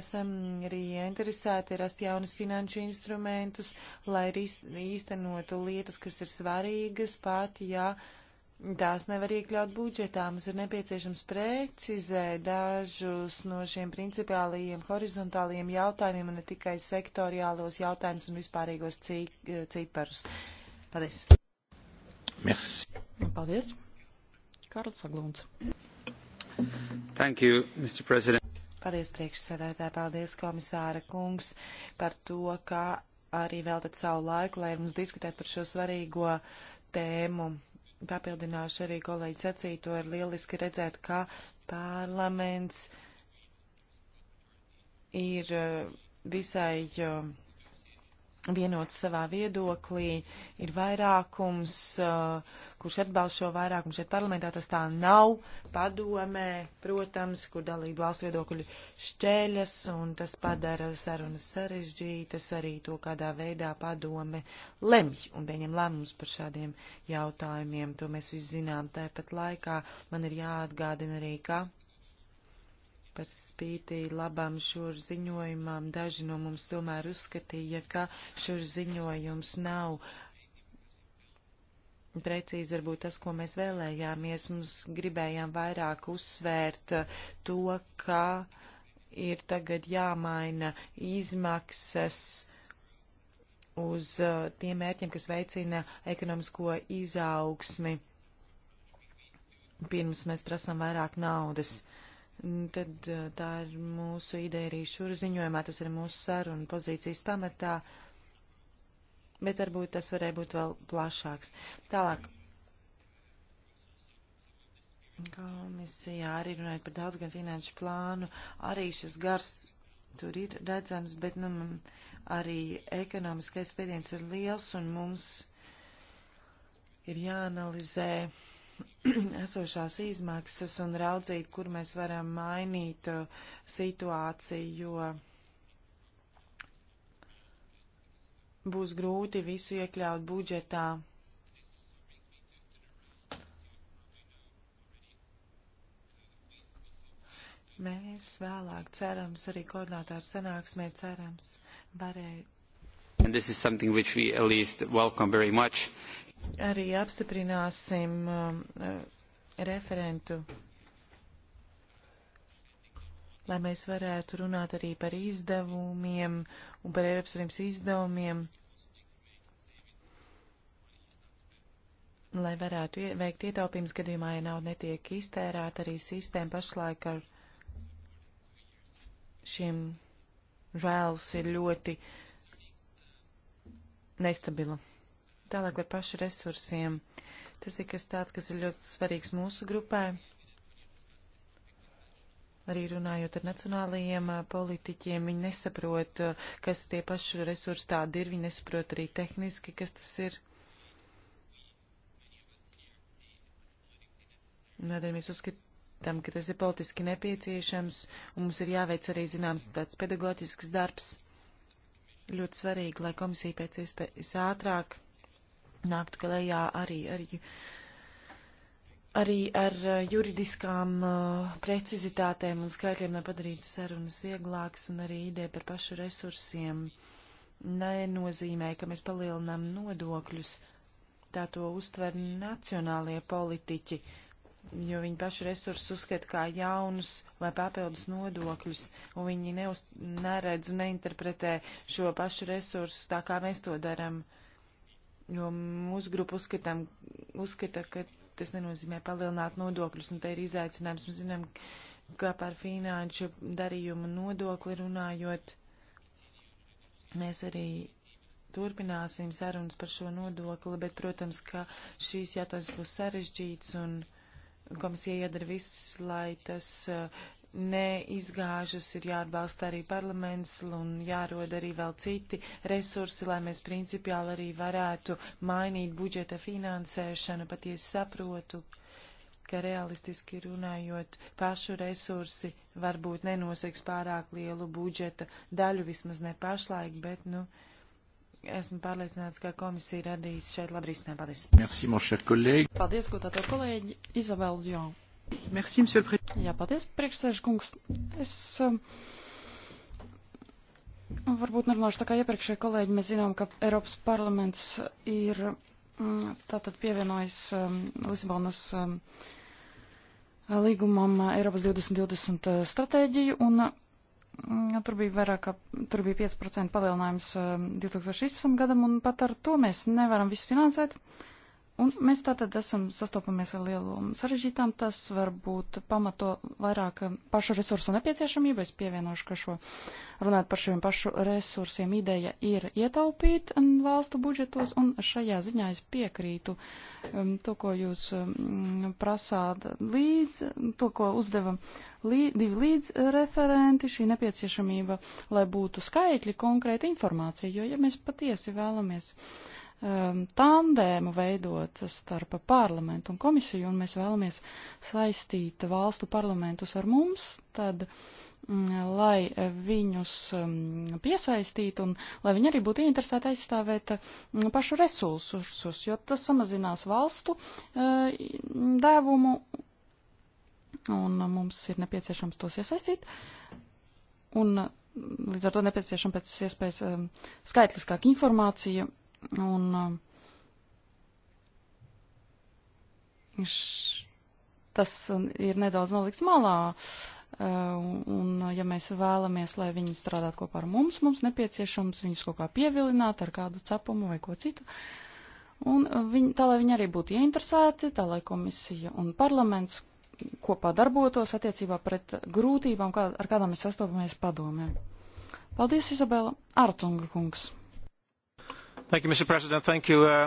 esam arī interesēti rast jaunus finanšu instrumentus, lai īstenotu lietas, kas ir svarīgas, pat ja. Uh, Tās nevar iekļaut budžetā. Mums ir nepieciešams precizēt dažus no šiem principiālajiem, horizontālajiem jautājumiem, ne tikai sektoriālos jautājumus un vispārīgos ciparus. Paldies. Merci. Paldies. Karls Aglunds. Thank you, Mr. President. Paldies, priekšsēdētāji, paldies, komisāra kungs, par to, ka arī veltat savu laiku, lai mums diskutētu par šo svarīgo tēmu papildināšu arī kolēģi sacīto, ir lieliski redzēt, kā parlaments ir eh, visai eh, vienot savā viedoklī, ir vairākums, eh, kurš atbalsta šo vairākumu šeit parlamentā, tas tā nav padomē, protams, kur dalību valstu viedokļi šķēļas, un tas padara sarunas sarežģītas arī to, kādā veidā padome lemj un pieņem lēmumus par šādiem jautājumiem. To mēs visi zinām. Tāpat laikā man ir jāatgādina arī, ka Par spītī labam šur ziņojumam daži no mums tomēr uzskatīja, ka šur ziņojums nav precīzi varbūt tas, ko mēs vēlējāmies. Mums gribējām vairāk uzsvērt to, ka ir tagad jāmaina izmaksas uz uh, tiem mērķiem, kas veicina ekonomisko izaugsmi. Pirms mēs prasām vairāk naudas. Mm. Tad tā ir mūsu ideja arī šur ziņojumā, tas ir mūsu saruna pozīcijas pamatā, bet varbūt tas varēja būt vēl plašāks. Tālāk. Komisijā arī runājot par daudz gan finanšu plānu, arī šis gars tur ir redzams, bet nu, arī ekonomiskais spiediens ir liels un mums ir jāanalizē esošās izmaksas un raudzīt, kur mēs varam mainīt uh, situāciju, jo būs grūti visu iekļaut budžetā. Mēs vēlāk cerams, arī koordinātāru sanāksmē cerams, varēja. And this is something which we at least welcome very much arī apstiprināsim um, uh, referentu, lai mēs varētu runāt arī par izdevumiem un par Eiropas Savienības izdevumiem, lai varētu ie veikt ietaupījums gadījumā, ja nauda netiek iztērēta, arī sistēma pašlaik ar šiem žēls ir ļoti nestabila. Tālāk par pašu resursiem. Tas ir kas tāds, kas ir ļoti svarīgs mūsu grupai. Arī runājot ar nacionālajiem politiķiem, viņi nesaprot, kas tie paši resursi tādi ir, viņi nesaprot arī tehniski, kas tas ir. Tādēļ mēs uzskatām, ka tas ir politiski nepieciešams, un mums ir jāveic arī zināms tāds pedagoģisks darbs. Ļoti svarīgi, lai komisija pēc iespējas ātrāk nākt klējā arī, arī, arī ar eh, juridiskām uh, precizitātēm un skaitļiem, lai padarītu sarunas vieglākas un arī ideja par pašu resursiem nenozīmē, ka mēs palielinām nodokļus. Tā to uztver nacionālie politiķi, jo viņi pašu resursus uzskata kā jaunus vai papildus nodokļus, un viņi neuz, neredz un neinterpretē šo pašu resursus tā, kā mēs to darām. Uh, jo mūsu grupa uzskatām, uzskata, ka tas nenozīmē palielināt nodokļus, un te ir izaicinājums. Mēs zinām, kā par finanšu darījumu nodokli runājot, mēs arī turpināsim sarunas par šo nodokli, bet, protams, ka šīs jautājums būs sarežģīts un komisija iedara viss, lai tas neizgāžas, ir jāatbalsta arī parlaments un jārod arī vēl citi resursi, lai mēs principiāli arī varētu mainīt budžeta finansēšanu. Patiesi saprotu, ka realistiski runājot, pašu resursi varbūt nenoseks pārāk lielu budžeta daļu, vismaz ne pašlaik, bet, nu, esmu pārliecināts, ka komisija radīs šeit labrīsnē. Paldies. Merci, mon cher collègue. Paldies, ko tātad kolēģi Izabela Djona. Merci, Jā, paldies, priekšsēžkungs. Es um, varbūt nerunāšu tā kā iepriekšēji kolēģi. Mēs zinām, ka Eiropas parlaments ir mm, tātad pievienojis um, Lisabonas um, līgumam uh, Eiropas 2020 uh, stratēģiju un Ja, mm, tur bija vairāk, ka tur bija 5% palielinājums 2016. Um, gadam, un pat ar to mēs nevaram visu finansēt. Uh, Un mēs tātad esam sastopamies ar lielu sarežģītām, tas varbūt pamato vairāk pašu resursu nepieciešamību. Es pievienošu, ka šo runāt par šiem pašu resursiem ideja ir ietaupīt valstu budžetos, un šajā ziņā es piekrītu um, to, ko jūs um, prasāt līdz, to, ko uzdeva lī, divi līdz referenti, šī nepieciešamība, lai būtu skaitļi, konkrēta informācija, jo ja mēs patiesi vēlamies. Uh, um, tandēmu veidot starp parlamentu un komisiju, un mēs vēlamies saistīt valstu parlamentus ar mums, tad mm, lai viņus mm, piesaistītu un lai viņi arī būtu interesēti aizstāvēt mm, pašu resursus, jo tas samazinās valstu uh, devumu, un mums ir nepieciešams tos iesaistīt. Un mm, līdz ar to nepieciešama pēc iespējas um, skaitliskāka informācija Un um, š, tas ir nedaudz nolikts malā. Uh, un, uh, ja mēs vēlamies, lai viņi strādātu kopā ar mums, mums nepieciešams viņus kaut kā pievilināt ar kādu cepumu vai ko citu. Un uh, viņi, tā, lai viņi arī būtu ieinteresēti, tā, lai komisija un parlaments kopā darbotos attiecībā pret grūtībām, kā, ar kādām mēs sastopamies padomē. Paldies, Izabela Artunga kungs! Thank you, Mr. President. Thank you. Uh...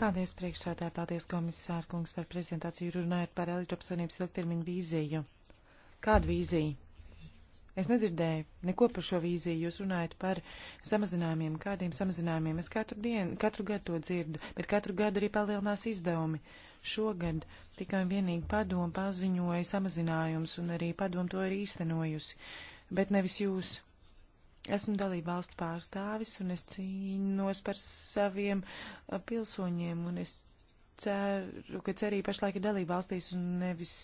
Paldies, priekšsēdētāji, paldies, komisāra kungs, par prezentāciju runājot par Eiropas Savienības ilgtermiņu vīziju. Kādu vīziju? Es nedzirdēju neko par šo vīziju. Jūs runājat par samazinājumiem, kādiem samazinājumiem. Es katru dienu, katru gadu to dzirdu, bet katru gadu arī palielinās izdevumi. Šogad tikai un vienīgi padomu paziņoja samazinājums, un arī padomu to ir īstenojusi, bet nevis jūs. Esmu dalība valsts pārstāvis un es cīnos par saviem uh, pilsoņiem un es ceru, ka cerība pašlaik ir dalība valstīs un nevis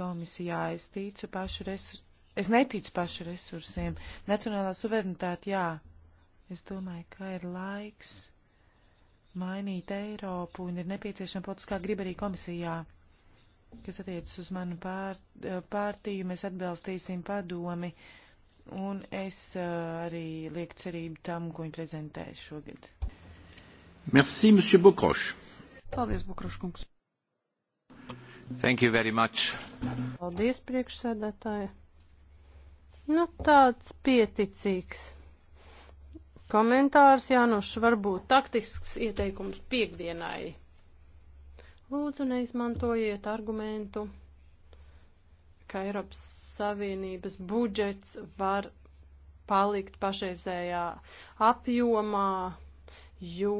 komisijā. Es ticu pašu resursu. Es neticu pašu resursiem. Nacionālā suverenitāte, jā. Es domāju, ka ir laiks mainīt Eiropu un ir nepieciešama politiskā griba arī komisijā kas attiecas uz manu pār, pārtīju, mēs atbalstīsim padomi un es eh, arī lieku cerību tam, ko viņi prezentēs šogad. Merci, monsieur Bokroš. Paldies, Bokroškungs. Thank you very much. Paldies, priekšsēdētāji. Nu, tāds pieticīgs komentārs, Jānošs, varbūt taktisks ieteikums piekdienai. Lūdzu, neizmantojiet argumentu ka Eiropas Savienības budžets var palikt pašreizējā apjomā, jo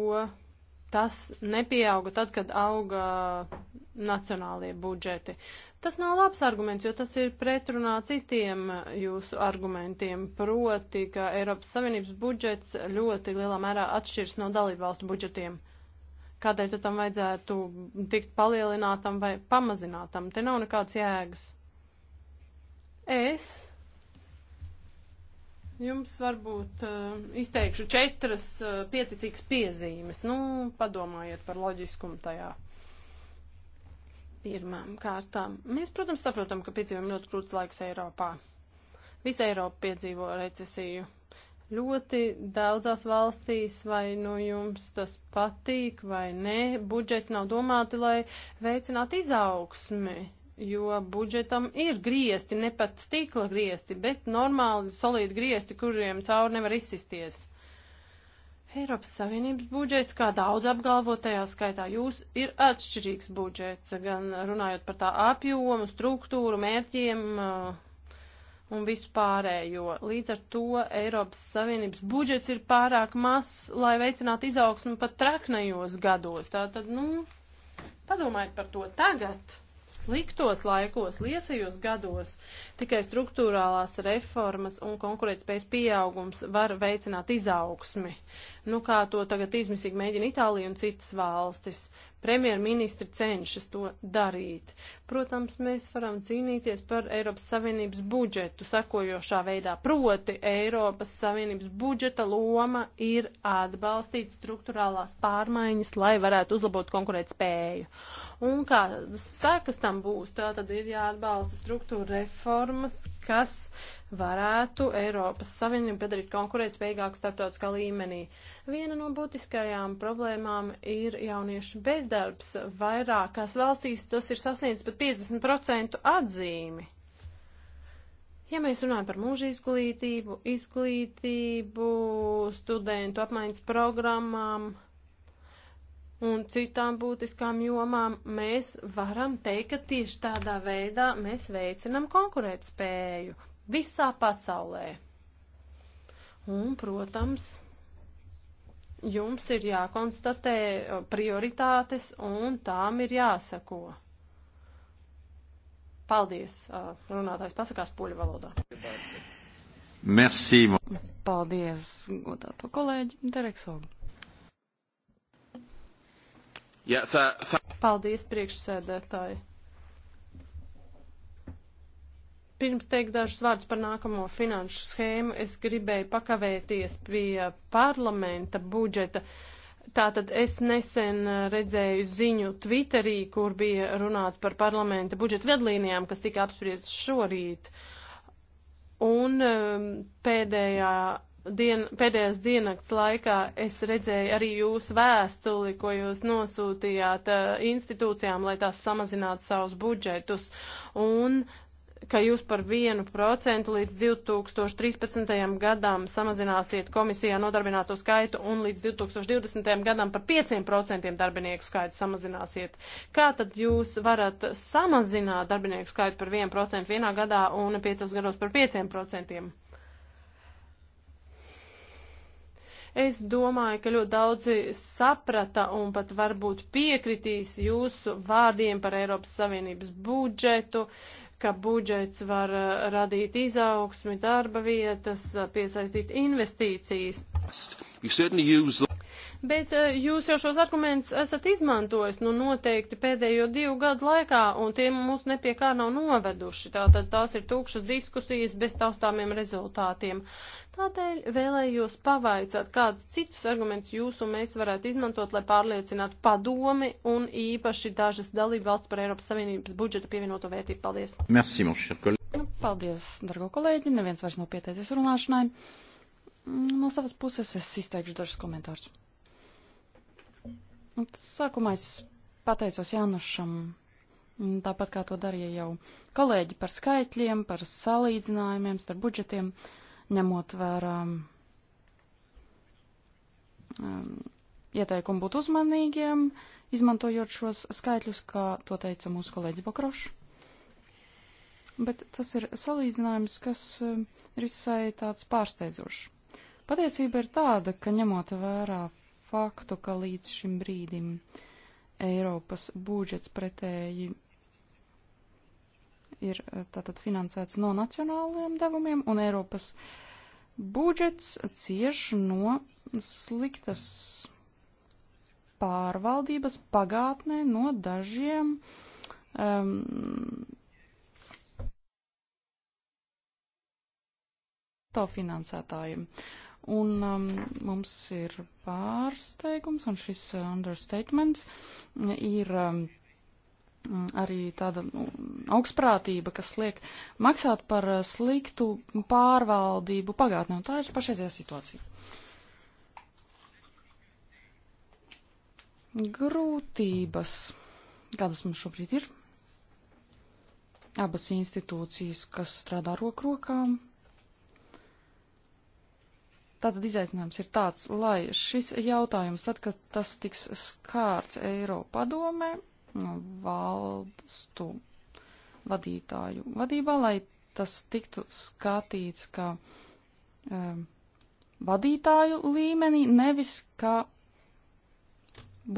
tas nepieauga tad, kad auga nacionālie budžeti. Tas nav labs arguments, jo tas ir pretrunā citiem jūsu argumentiem, proti, ka Eiropas Savienības budžets ļoti lielā mērā atšķirs no dalībvalstu budžetiem. Kādēļ tam vajadzētu tikt palielinātam vai pamazinātam? Te nav nekādas jēgas. Es jums varbūt uh, izteikšu četras uh, pieticīgas piezīmes. Nu, padomājiet par loģiskumu tajā. Pirmām kārtām. Mēs, protams, saprotam, ka piedzīvojam ļoti grūts laiks Eiropā. Visa Eiropa piedzīvo recesiju. Ļoti daudzās valstīs, vai nu jums tas patīk vai nē, budžeti nav domāti, lai veicinātu izaugsmi jo budžetam ir griesti, ne pat stikla griesti, bet normāli solīti griesti, kuriem cauri nevar izsisties. Eiropas Savienības budžets, kā daudz apgalvotajā skaitā jūs, ir atšķirīgs budžets, gan runājot par tā apjomu, struktūru, mērķiem uh, un visu pārējo. Līdz ar to Eiropas Savienības budžets ir pārāk mazs, lai veicinātu izaugsmu pat traknajos gados. Tātad, nu, padomājiet par to tagad sliktos laikos, liesajos gados, tikai struktūrālās reformas un konkurētspējas pieaugums var veicināt izaugsmi. Nu, kā to tagad izmisīgi mēģina Itālija un citas valstis. Premjerministri cenšas to darīt. Protams, mēs varam cīnīties par Eiropas Savienības budžetu sakojošā veidā. Proti, Eiropas Savienības budžeta loma ir atbalstīt struktūrālās pārmaiņas, lai varētu uzlabot konkurētspēju. spēju. Un kā sekas tam būs, tā tad ir jāatbalsta struktūra reformas, kas varētu Eiropas Savienību padarīt konkurētspējīgāku starptautiskā līmenī. Viena no būtiskajām problēmām ir jauniešu bezdarbs. Vairākās valstīs tas ir sasniedzis pat 50% atzīmi. Ja mēs runājam par mūža izglītību, izglītību, studentu apmaiņas programmām, un citām būtiskām jomām, mēs varam teikt, ka tieši tādā veidā mēs veicinam konkurētspēju visā pasaulē. Un, protams, jums ir jākonstatē prioritātes un tām ir jāsako. Paldies, uh, runātājs pasakās poļu valodā. Merci. Paldies, godāto kolēģi, Derek Sogu. Yeah, sir, sir. Paldies, priekšsēdētāji. Pirms teikt dažus vārdus par nākamo finanšu schēmu, es gribēju pakavēties pie parlamenta budžeta. Tātad es nesen redzēju ziņu Twitterī, kur bija runāts par parlamenta budžeta vedlīnijām, kas tika apspriestas šorīt. Un um, pēdējā dien, pēdējās diennakts laikā es redzēju arī jūsu vēstuli, ko jūs nosūtījāt uh, institūcijām, lai tās samazinātu savus budžetus. Un ka jūs par 1% līdz 2013. gadam samazināsiet komisijā nodarbināto skaitu un līdz 2020. gadam par 5% darbinieku skaitu samazināsiet. Kā tad jūs varat samazināt darbinieku skaitu par 1% vienā gadā un 5 gados par 5%? Es domāju, ka ļoti daudzi saprata un pat varbūt piekritīs jūsu vārdiem par Eiropas Savienības budžetu, ka budžets var uh, radīt izaugsmi, darba vietas, uh, piesaistīt investīcijas. Bet eh, jūs jau šos argumentus esat izmantojis, nu noteikti pēdējo divu gadu laikā, un tie mūs nepie kā nav noveduši. Tātad tās ir tūkšas diskusijas bez taustāmiem rezultātiem. Tādēļ vēlējos pavaicāt, kādus citus argumentus jūs un mēs varētu izmantot, lai pārliecinātu padomi un īpaši dažas dalību valsts par Eiropas Savienības budžeta pievienoto vērtību. Paldies! Merci, nu, paldies, dargo kolēģi! Neviens vairs nav pieteicies runāšanai. Mm, no savas puses es izteikšu dažus komentārus. Nu, sākumā es pateicos Janušam, tāpat kā to darīja jau kolēģi par skaitļiem, par salīdzinājumiem starp budžetiem, ņemot vērā um, ieteikumu būt uzmanīgiem, izmantojot šos skaitļus, kā to teica mūsu kolēģis Bokrošs. Bet tas ir salīdzinājums, kas um, ir visai tāds pārsteidzošs. Patiesība ir tāda, ka ņemot vērā faktu, ka līdz šim brīdim Eiropas budžets pretēji ir eh, tātad finansēts no nacionālajiem devumiem, un Eiropas budžets cieš no sliktas pārvaldības pagātnē no dažiem um, to finansētājiem. Uh, Un um, mums ir pārsteigums, un šis uh, understatements ir um, arī tāda nu, augstprātība, kas liek maksāt par uh, sliktu pārvaldību pagātnē, un tā ir pašreizējā situācija. Grūtības, kādas mums šobrīd ir, abas institūcijas, kas strādā rokrokām. Rok Tātad izaicinājums ir tāds, lai šis jautājums, tad, kad tas tiks skārts Eiropa padomē, nu, valstu vadītāju vadībā, lai tas tiktu skatīts kā um, vadītāju līmenī, nevis kā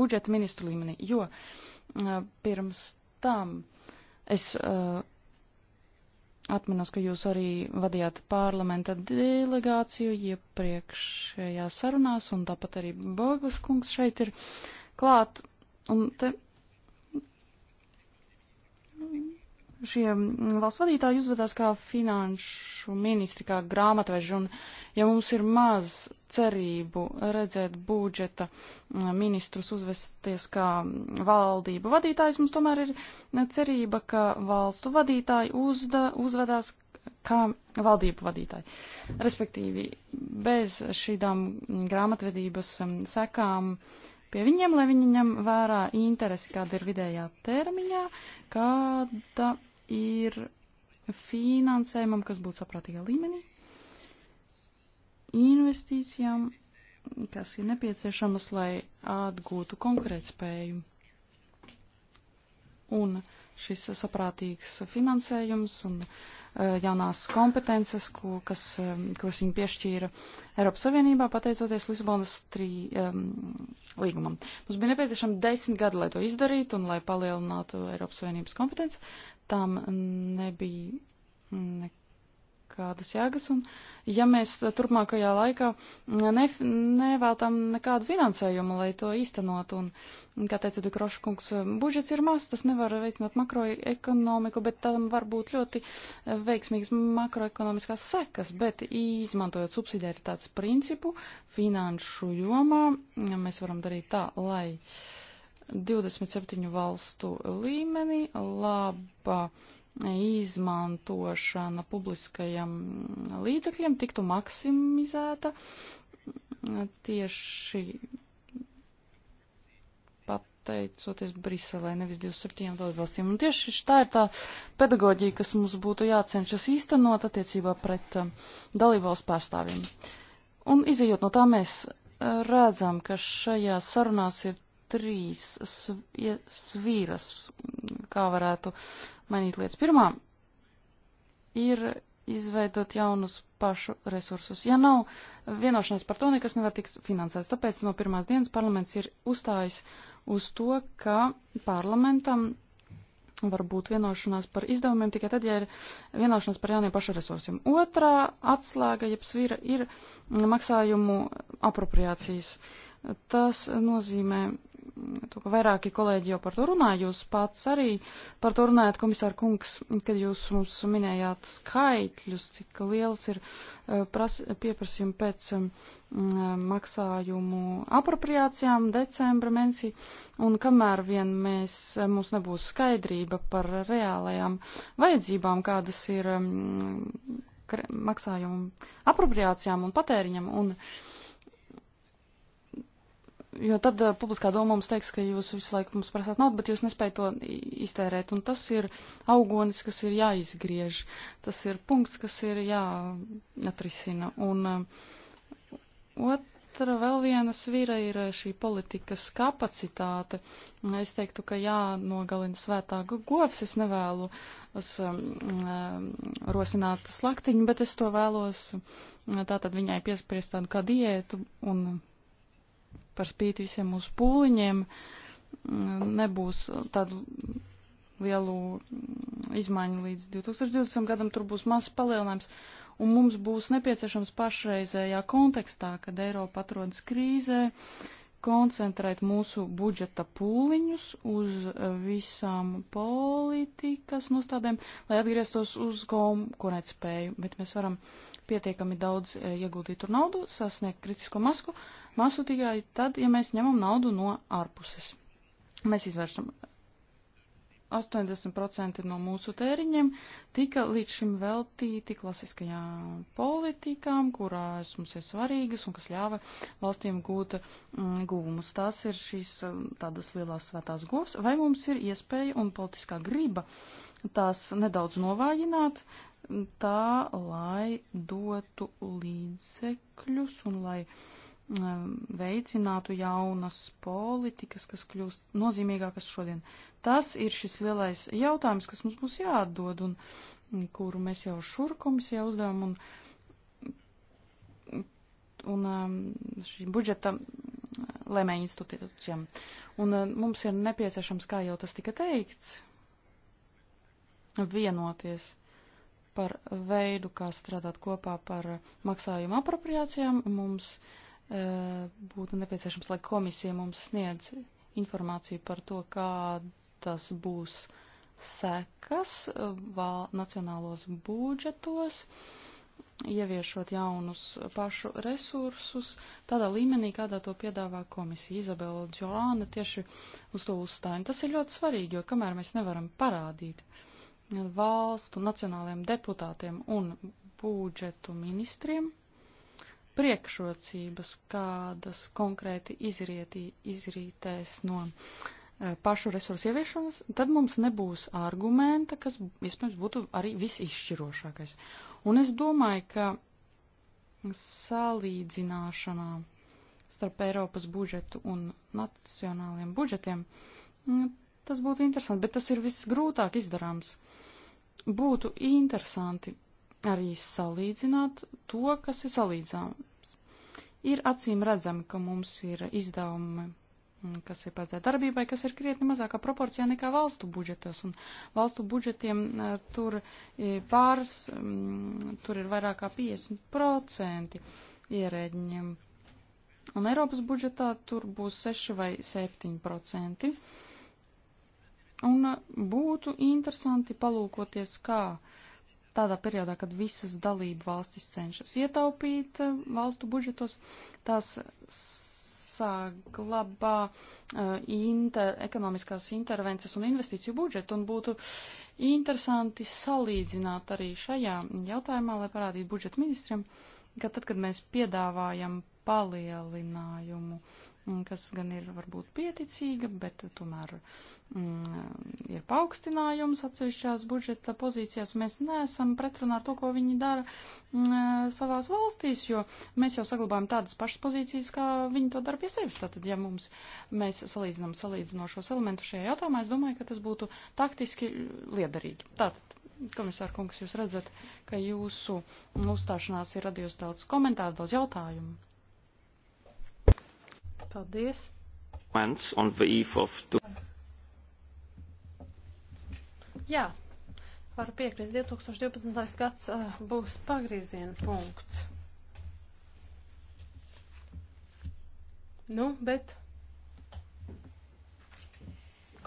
budžeta ministru līmenī, jo uh, pirms tam es uh, Atminos, ka jūs arī vadījāt parlamenta delegāciju iepriekšējās sarunās, un tāpat arī Boglis kungs šeit ir klāt. Un te šie valsts vadītāji uzvedās kā finanšu ministri, kā grāmatveži, un ja mums ir maz cerību redzēt budžeta ministrus uzvesties kā valdību vadītājs, mums tomēr ir cerība, ka valstu vadītāji uzda, uzvedās kā valdību vadītāji. Respektīvi, bez šīdām grāmatvedības sekām pie viņiem, lai viņi ņem vērā interesi, kāda ir vidējā termiņā, kāda ir finansējumam, kas būtu saprātīgā līmenī, investīcijām, kas ir nepieciešamas, lai atgūtu konkurētspēju. Un šis saprātīgs finansējums un uh, Eh, jaunās kompetences, ko, kas, eh, kuras viņi piešķīra Eiropas Savienībā, pateicoties Lisabonas trī, um, līgumam. Mums bija nepieciešama desmit gadi, lai to izdarītu un lai palielinātu Eiropas Savienības kompetences. Tam nebija mm, nekā nekādas jēgas, un ja mēs turpmākajā laikā ne, nevēltam nekādu finansējumu, lai to īstenotu, un, kā teica Dukroškungs, budžets ir mazs, tas nevar veicināt makroekonomiku, bet tam var būt ļoti veiksmīgas makroekonomiskās sekas, bet izmantojot subsidiaritātes principu finanšu jomā, mēs varam darīt tā, lai 27 valstu līmenī laba izmantošana publiskajiem līdzekļiem tiktu maksimizēta tieši pateicoties Briselē, nevis 27 dalībvalstīm. Un tieši tā ir tā pedagoģija, kas mums būtu jācenšas īstenot attiecībā pret um, dalībvalstu pārstāvjiem. Un izējot no tā, mēs redzam, ka šajā sarunās ir trīs svīras, kā varētu uh, mainīt lietas. Pirmām ir izveidot jaunus pašu resursus. Ja nav vienošanās par to, nekas nevar tikt finansēts. Tāpēc no pirmās dienas parlaments ir uzstājis uz to, ka parlamentam var būt vienošanās par izdevumiem tikai tad, ja ir vienošanās par jauniem pašu resursiem. Otrā atslēga, jeb svira, ir maksājumu apropriācijas. Tas nozīmē to, ka vairāki kolēģi jau par to runāja, jūs pats arī par to runājat, komisār kungs, kad jūs mums minējāt skaitļus, cik liels ir e, pras, pieprasījumi pēc um, maksājumu apropriācijām decembra mēnesī, un kamēr vien mēs, e, mums nebūs skaidrība par reālajām vajadzībām, kādas ir um, maksājumu apropriācijām un patēriņam, un uh, jo tad uh, publiskā doma mums teiks, ka jūs visu laiku mums prasāt naudu, bet jūs nespējat to iztērēt. Un tas ir augonis, kas ir jāizgriež. Tas ir punkts, kas ir jāatrisina. Un uh, otra vēl viena svira ir eh, šī politikas kapacitāte. Es teiktu, ka jānogalina svētā govs. Es nevēlu es, um, rosināt slaktiņu, bet es to vēlos. Tātad viņai piespriest tādu kā diētu un par spīti visiem mūsu pūliņiem mm, nebūs tādu lielu izmaiņu līdz 2020 gadam, tur būs mazs palielinājums. Un mums būs nepieciešams pašreizējā kontekstā, kad Eiropa atrodas krīzē, koncentrēt mūsu budžeta pūliņus uz visām politikas nostādēm, lai atgrieztos uz konkurētspēju. Bet mēs varam pietiekami daudz eh, ieguldīt tur naudu, sasniegt kritisko masku masu tikai tad, ja mēs ņemam naudu no ārpuses. Mēs izvēršam 80% no mūsu tēriņiem tika līdz šim veltīti klasiskajām politikām, kurās mums ir svarīgas un kas ļāva valstīm gūt mm, guvumus. Tās ir šīs mm, tādas lielās svētās govs. Vai mums ir iespēja un politiskā griba tās nedaudz novājināt, mm, tā lai dotu līdzekļus un lai. Uh, Um, veicinātu jaunas politikas, kas kļūst nozīmīgākas šodien. Tas ir šis lielais jautājums, kas mums būs jāatdod un kuru mēs jau šur komisijā uzdevām un, un um, šī budžeta uh, lēmēju institūcijām. Un uh, mums ir nepieciešams, kā jau tas tika teikts, vienoties par veidu, kā strādāt kopā par uh, maksājumu apropriācijām. Mums uh, Eh, būtu nepieciešams, lai komisija mums sniedz informāciju par to, kādas būs sekas eh, val, nacionālos budžetos, ieviešot jaunus pašu resursus tādā līmenī, kādā to piedāvā komisija. Izabela Džorāna tieši uz to uzstāja. Tas ir ļoti svarīgi, jo kamēr mēs nevaram parādīt valstu nacionālajiem deputātiem un budžetu ministriem, priekšrocības, kādas konkrēti izrietī, izrītēs no eh, pašu resursu ieviešanas, tad mums nebūs argumenta, kas, iespējams, būtu arī visizšķirošākais. Un es domāju, ka salīdzināšanā starp Eiropas budžetu un nacionāliem budžetiem, mm, tas būtu interesanti, bet tas ir viss grūtāk izdarāms. Būtu interesanti arī salīdzināt to, kas ir salīdzāms. Ir acīm redzami, ka mums ir izdevumi, mm, kas ir paredzēti darbībai, kas ir krietni mazākā proporcijā nekā valstu budžetos, un valstu budžetiem mm, tur pāris, mm, tur ir vairāk kā 50% ierēģiņiem. Un Eiropas budžetā tur būs 6 vai 7%. Un būtu interesanti palūkoties, kā uh, tādā periodā, kad visas dalību valstis cenšas ietaupīt eh, valstu budžetos, tās saglabā eh, inter, ekonomiskās intervences un investīciju budžetu, un būtu interesanti salīdzināt arī šajā jautājumā, lai parādītu budžeta ministriem, ka tad, kad mēs piedāvājam palielinājumu uh, Mm, kas gan ir varbūt pieticīga, bet tomēr mm, ir paaugstinājums atsevišķās budžeta pozīcijās. Mēs neesam pretrunā ar to, ko viņi dara mm, savās valstīs, jo mēs jau saglabājam tādas pašas pozīcijas, kā viņi to dara pie sevis. Tātad, ja mums, mēs salīdzinām salīdzinošos elementus šajā jautājumā, es domāju, ka tas būtu taktiski liederīgi. Tātad, komisār kungs, jūs redzat, ka jūsu uzstāšanās ir radījusi daudz komentāru, daudz jautājumu. Paldies. Jā, varu piekrist, 2012. gads uh, būs pagrieziena punkts. Nu, bet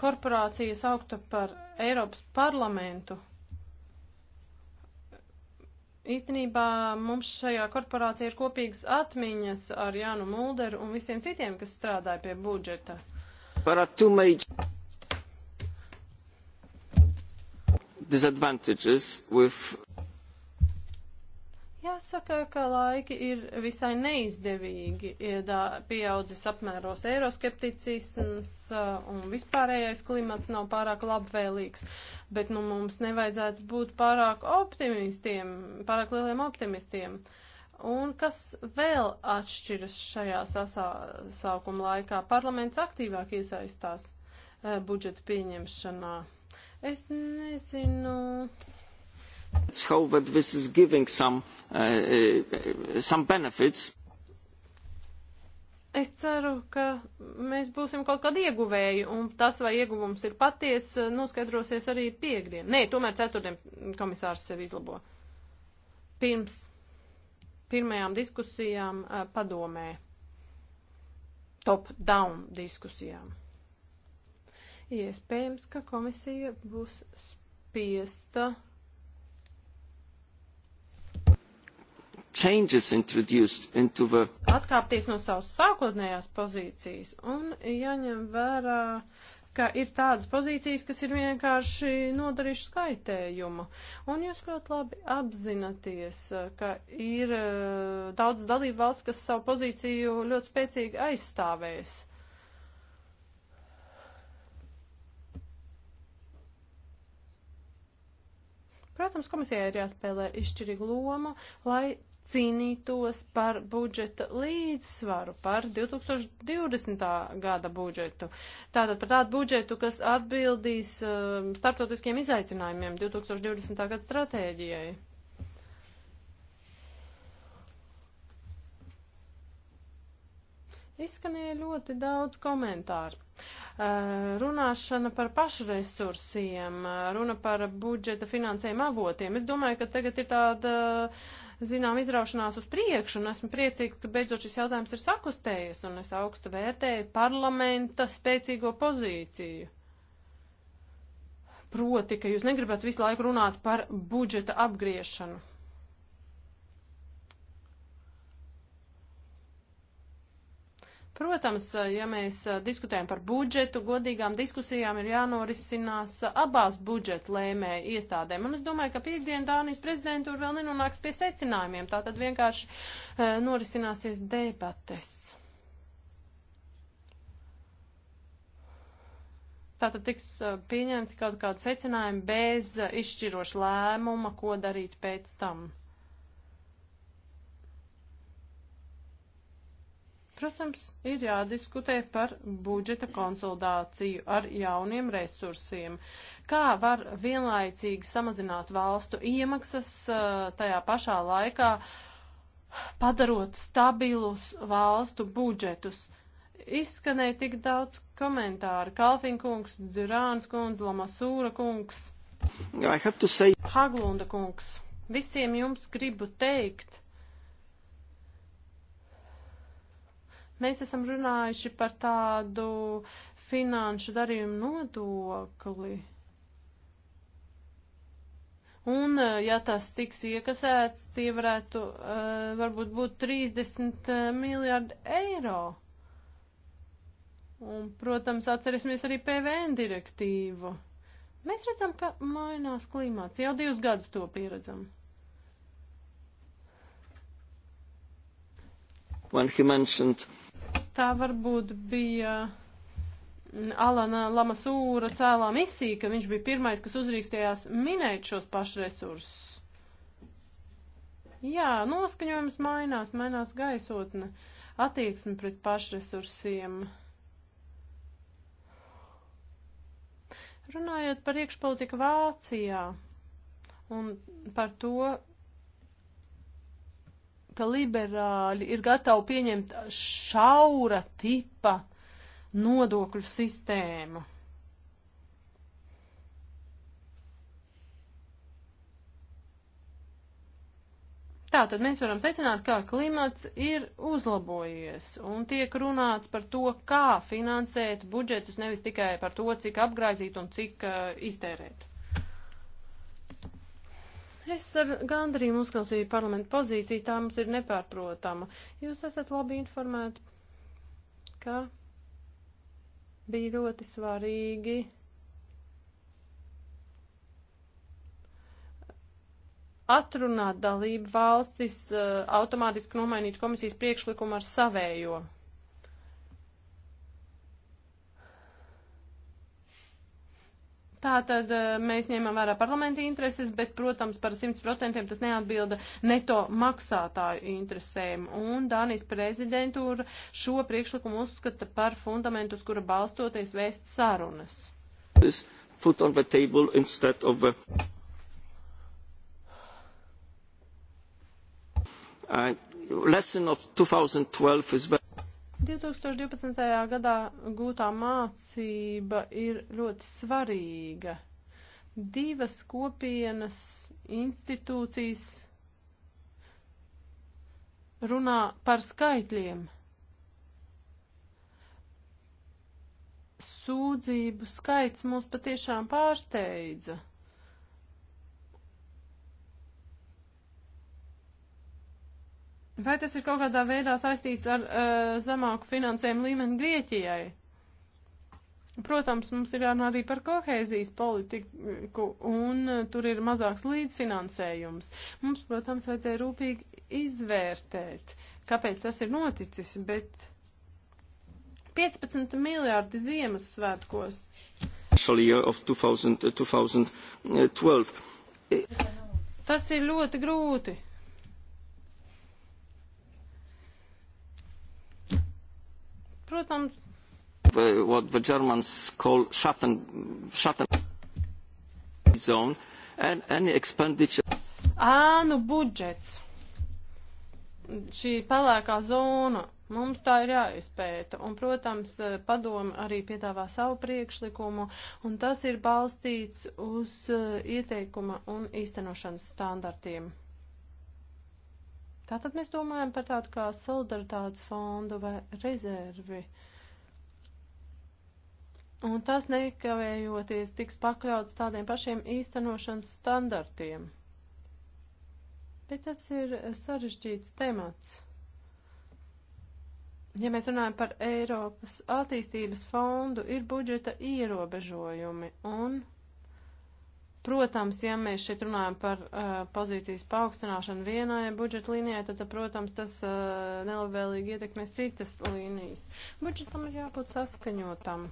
korporācijas augtu par Eiropas parlamentu Īstenībā mums šajā korporācijā ir kopīgas atmiņas ar Jānu Mulderu un visiem citiem, kas strādāja pie budžeta. Disadvantages with Jāsaka, ka laiki ir visai neizdevīgi. Iedā pieaudzis apmēros eiroskepticisms uh, un vispārējais klimats nav pārāk labvēlīgs, bet nu, mums nevajadzētu būt pārāk optimistiem, pārāk lieliem optimistiem. Un kas vēl atšķiras šajā sasaukuma laikā? Parlaments aktīvāk iesaistās uh, budžeta pieņemšanā. Es nezinu. However, this is giving some, uh, uh, some benefits. Es ceru, ka mēs būsim kaut kādi ieguvēji, un tas, vai ieguvums ir paties, noskaidrosies arī piekdien. Nē, tomēr ceturtdien komisārs sev izlabo. Pirms pirmajām diskusijām uh, padomē. Top-down diskusijām. Iespējams, ka komisija būs spiesta. Ja changes introduced into the atkāpties no savas sākotnējās pozīcijas un jaņem vērā, ka ir tādas pozīcijas, kas ir vienkārši nodarījuši skaitējumu. Un jūs ļoti labi apzināties, ka ir e, daudz dalību valsts, kas savu pozīciju ļoti spēcīgi aizstāvēs. Protams, komisijai ir jāspēlē izšķirīga loma, lai cīnītos par budžeta līdzsvaru, par 2020. gada budžetu. Tātad par tādu budžetu, kas atbildīs uh, starptautiskiem izaicinājumiem 2020. gada stratēģijai. Izskanēja ļoti daudz komentāru. Uh, runāšana par pašresursiem, uh, runa par budžeta finansējuma avotiem. Es domāju, ka tagad ir tāda uh, zinām izraušanās uz priekšu, un esmu priecīgs, ka beidzot šis jautājums ir sakustējies, un es augstu vērtēju parlamenta spēcīgo pozīciju. Proti, ka jūs negribat visu laiku runāt par budžeta apgriešanu. Protams, ja mēs diskutējam par budžetu, godīgām diskusijām ir jānorisinās abās budžeta lēmēja iestādēm. Un es domāju, ka piekdien Dānijas prezidentūra vēl nenonāks pie secinājumiem. Tā tad vienkārši uh, norisināsies debates. Tātad tiks pieņemti kaut kādi secinājumi bez izšķiroša lēmuma, ko darīt pēc tam. Protams, ir jādiskutē par budžeta konsolidāciju ar jauniem resursiem. Kā var vienlaicīgi samazināt valstu iemaksas tajā pašā laikā, padarot stabilus valstu budžetus? Izskanēja tik daudz komentāru. Kalfinkungs, Durāns kundze, Lamasūra kungs, say... Haglunda kungs. Visiem jums gribu teikt, Mēs esam runājuši par tādu finanšu darījumu nodokli. Un, eh, ja tas tiks iekasēts, tie varētu uh, varbūt būt 30 eh, miljārdi eiro. Un, protams, atcerēsimies arī PVN direktīvu. Mēs redzam, ka mainās klimāts. Jau divus gadus to pieredzam. When he mentioned uh, tā varbūt bija Alana Lamasūra cēlā misija, ka viņš bija pirmais, kas uzrīkstējās minēt šos pašresursus. Jā, noskaņojums mainās, mainās gaisotne, attieksme pret pašresursiem. Runājot par iekšpolitiku Vācijā un par to, ka liberāļi ir gatavi pieņemt šaura tipa nodokļu sistēmu. Tātad mēs varam secināt, ka klimats ir uzlabojies un tiek runāts par to, kā finansēt budžetus, nevis tikai par to, cik apgraizīt un cik uh, iztērēt. Es ar gandrību uzklausīju parlamentu pozīciju, tā mums ir nepārprotama. Jūs esat labi informēti, ka bija ļoti svarīgi atrunāt dalību valstis, eh, automātiski nomainīt komisijas priekšlikumu ar savējo. Tā tad eh, mēs ņemam vērā parlamenta intereses, bet, protams, par 100% tas neatbilda neto maksātāju interesēm. Un Dānijas prezidentūra šo priekšlikumu uzskata par fundamentu, uz kura balstoties vēst sarunas. The... Uh, lesson of 2012 is very 2012. gadā gūtā mācība ir ļoti svarīga. Divas kopienas institūcijas runā par skaitļiem. Sūdzību skaits mūs patiešām pārsteidza. Vai tas ir kaut kādā veidā saistīts ar uh, zemāku finansējumu līmeni Grieķijai? Protams, mums ir jārunā arī par kohēzijas politiku, un uh, tur ir mazāks līdzfinansējums. Mums, protams, vajadzēja rūpīgi izvērtēt, kāpēc tas ir noticis, bet 15 miljārdi Ziemassvētkos. 2012. Uh, uh, tas ir ļoti grūti. protams. What the Germans call Schatten, Schatten zone and any expenditure. Ānu budžets. Šī pelēkā zona. Mums tā ir jāizpēta, un, protams, padoma arī piedāvā savu priekšlikumu, un tas ir balstīts uz uh, ieteikuma un īstenošanas standartiem. Tātad mēs domājam par tādu kā solidaritātes fondu vai rezervi. Un tas nekavējoties tiks pakļauts tādiem pašiem īstenošanas standartiem. Bet tas ir sarežģīts temats. Ja mēs runājam par Eiropas attīstības fondu, ir budžeta ierobežojumi un Protams, ja mēs šeit runājam par uh, pozīcijas paaugstināšanu vienai budžeta līnijai, tad, tad, protams, tas uh, nelabvēlīgi ietekmēs citas līnijas. Budžetam ir jābūt saskaņotam.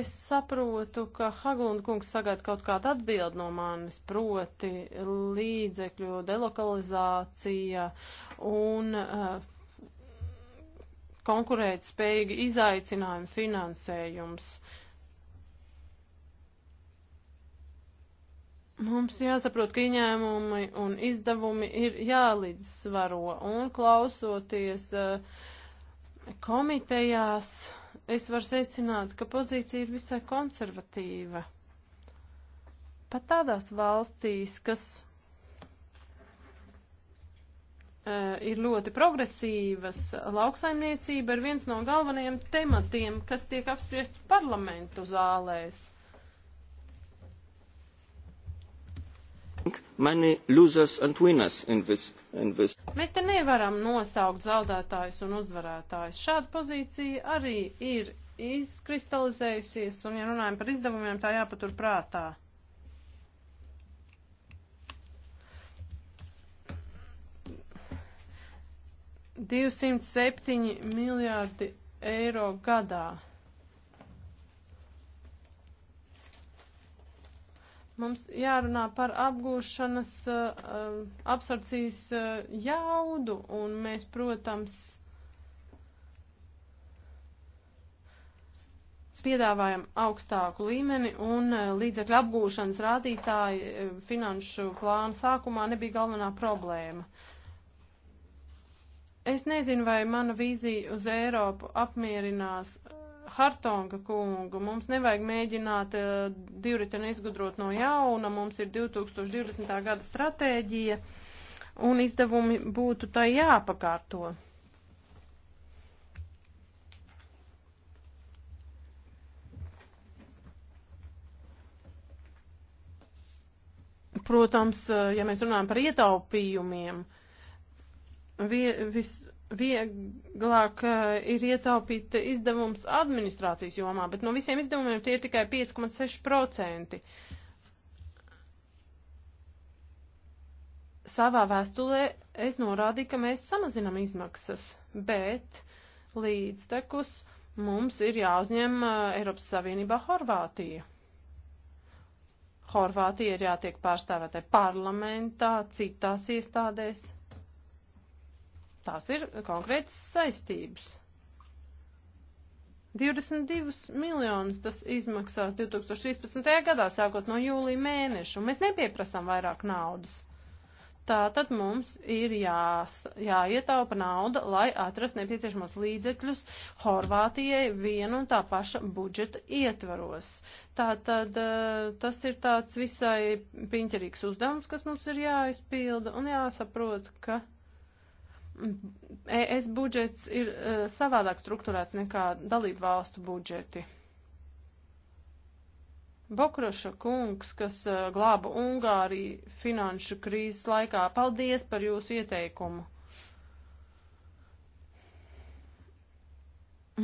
Es saprotu, ka Haglund kungs sagaida kaut kādu atbildi no manis, proti līdzekļu delokalizācija un uh, konkurētspējīgi izaicinājumi finansējums. Mums jāsaprot, ka ieņēmumi un izdevumi ir jālīdzsvaro, un klausoties eh, komitejās, es varu secināt, ka pozīcija ir visai konservatīva. Pat tādās valstīs, kas Eh, ir ļoti progresīvas. Lauksaimniecība ir viens no galvenajiem tematiem, kas tiek apspriests parlamentu zālēs. many losers and winners in this. In this. Mēs te nevaram nosaukt zaudētājus un uzvarētājus. Šāda pozīcija arī ir izkristalizējusies, un, ja runājam par izdevumiem, tā jāpatur prātā. 207 miljārdi eiro gadā. Mums jārunā par apgūšanas uh, absorpcijas uh, jaudu, un mēs, protams, piedāvājam augstāku līmeni, un uh, līdzekļu apgūšanas rādītāji uh, finanšu plāna sākumā nebija galvenā problēma. Uh, Es nezinu, vai mana vīzija uz Eiropu apmierinās eh, Hartonga kungu. Mums nevajag mēģināt uh, divriteni izgudrot no jauna. Mums ir 2020. gada stratēģija un izdevumi būtu tai jāpakārto. Protams, eh, ja mēs runājam par ietaupījumiem, uh, vie, vis, vieglāk uh, eh, ir ietaupīt izdevums administrācijas jomā, bet no visiem izdevumiem tie ir tikai 5,6%. Savā vēstulē es norādīju, ka mēs samazinam izmaksas, bet līdztekus mums ir jāuzņem uh, Eiropas Savienībā Horvātija. Horvātija ir jātiek pārstāvētai parlamentā, citās iestādēs, Tās ir konkrētas saistības. 22 miljonus tas izmaksās 2013. gadā, sākot no jūlija mēneša, un mēs nepieprasām vairāk naudas. Tātad mums ir jās, jāietaupa nauda, lai atrast nepieciešamos līdzekļus Horvātijai vienu un tā paša budžeta ietvaros. Tātad eh, tas ir tāds visai piņķerīgs uzdevums, kas mums ir jāizpilda, un jāsaprot, ka ES budžets ir uh, savādāk strukturēts nekā dalību valstu budžeti. Bokroša kungs, kas uh, glāba Ungāriju finanšu krīzes laikā, paldies par jūsu ieteikumu.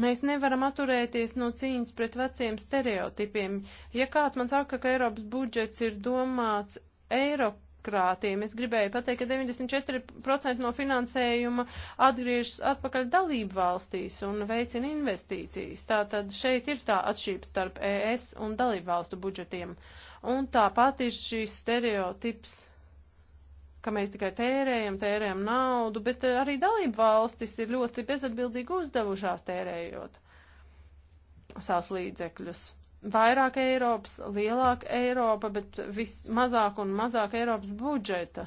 Mēs nevaram atturēties no cīņas pret veciem stereotipiem. Ja kāds man saka, ka Eiropas budžets ir domāts Eiropa, birokrātiem. Es gribēju pateikt, ka 94% no finansējuma atgriežas atpakaļ dalību valstīs un veicina investīcijas. Tātad šeit ir tā atšķirība starp ES un dalību valstu budžetiem. Un tāpat ir šīs stereotips ka mēs tikai tērējam, tērējam naudu, bet eh, arī dalību valstis ir ļoti bezatbildīgi uzdevušās tērējot savus līdzekļus vairāk Eiropas, lielāka Eiropa, bet vismazāk un mazāk Eiropas budžeta,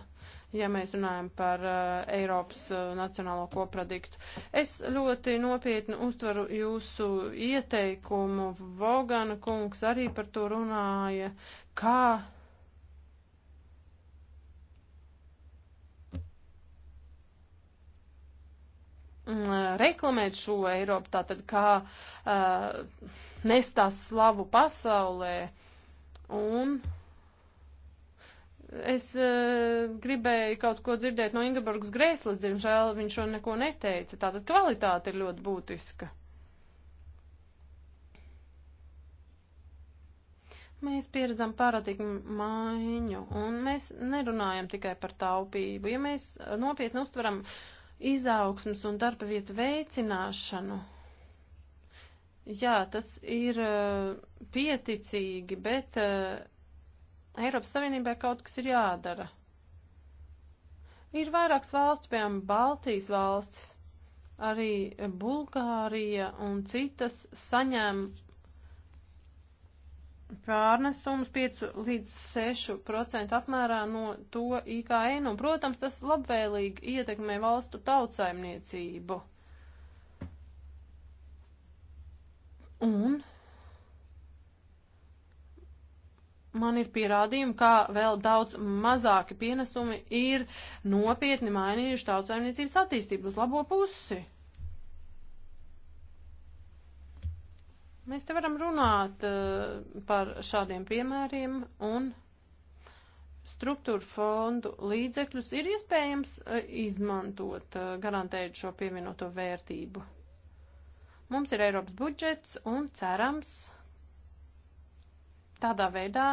ja mēs runājam par uh, Eiropas uh, nacionālo koproduktu. Es ļoti nopietni uztveru jūsu ieteikumu, Vogana kungs arī par to runāja, kā. Reklamēt šo Eiropu, tātad kā uh, nestās slavu pasaulē. Un es uh, gribēju kaut ko dzirdēt no Ingeborgas Grēslas, diemžēl viņš šo neko neteica. Tātad kvalitāte ir ļoti būtiska. Mēs pieredzam paradigmu maiņu, un mēs nerunājam tikai par taupību. Ja mēs nopietni uztveram izaugsmas un darba vietu veicināšanu, Jā, tas ir eh, pieticīgi, bet eh, Eiropas Savienībai kaut kas ir jādara. Ir vairākas valsts, piemēram, Baltijas valstis, arī Bulgārija un citas saņem pārnesums 5 līdz 6% apmērā no to IKN, un, protams, tas labvēlīgi ietekmē valstu tautsaimniecību. Un man ir pierādījumi, kā vēl daudz mazāki pienesumi ir nopietni mainījuši tautsaimniecības attīstību uz labo pusi. Mēs te varam runāt uh, par šādiem piemēriem un struktūra fondu līdzekļus ir iespējams uh, izmantot, uh, garantējot šo pievienoto vērtību. Mums ir Eiropas budžets un cerams, tādā veidā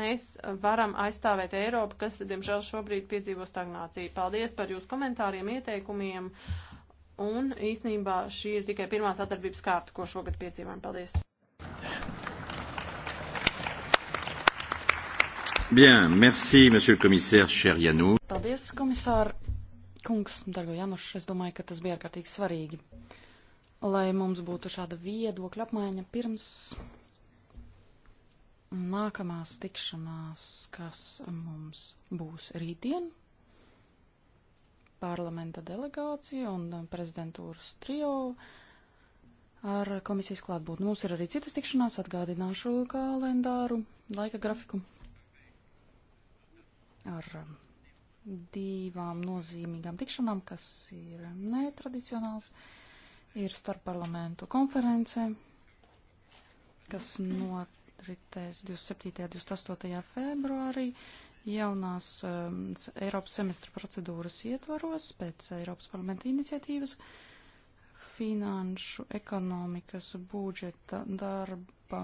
mēs varam aizstāvēt Eiropu, kas, diemžēl, šobrīd piedzīvo stagnāciju. Paldies par jūsu komentāriem, ieteikumiem, un īsnībā šī ir tikai pirmā sadarbības kārta, ko šogad piedzīvojam. Paldies! Bien, merci, monsieur le commissaire, cher Janou. Paldies, komisār kungs, dargo Januš, es domāju, ka tas bija ārkārtīgi svarīgi lai mums būtu šāda viedokļa apmaiņa pirms nākamās tikšanās, kas mums būs rītdien. Parlamenta delegācija un prezidentūras trio ar komisijas klātbūtni. Mums ir arī citas tikšanās, atgādināšu kalendāru, laika grafiku ar divām nozīmīgām tikšanām, kas ir netradicionāls. Uh, ir starpparlamentu konference, kas noritēs 27. un 28. februārī jaunās um, Eiropas semestra procedūras ietvaros pēc Eiropas parlamenta iniciatīvas finanšu, ekonomikas, budžeta, darba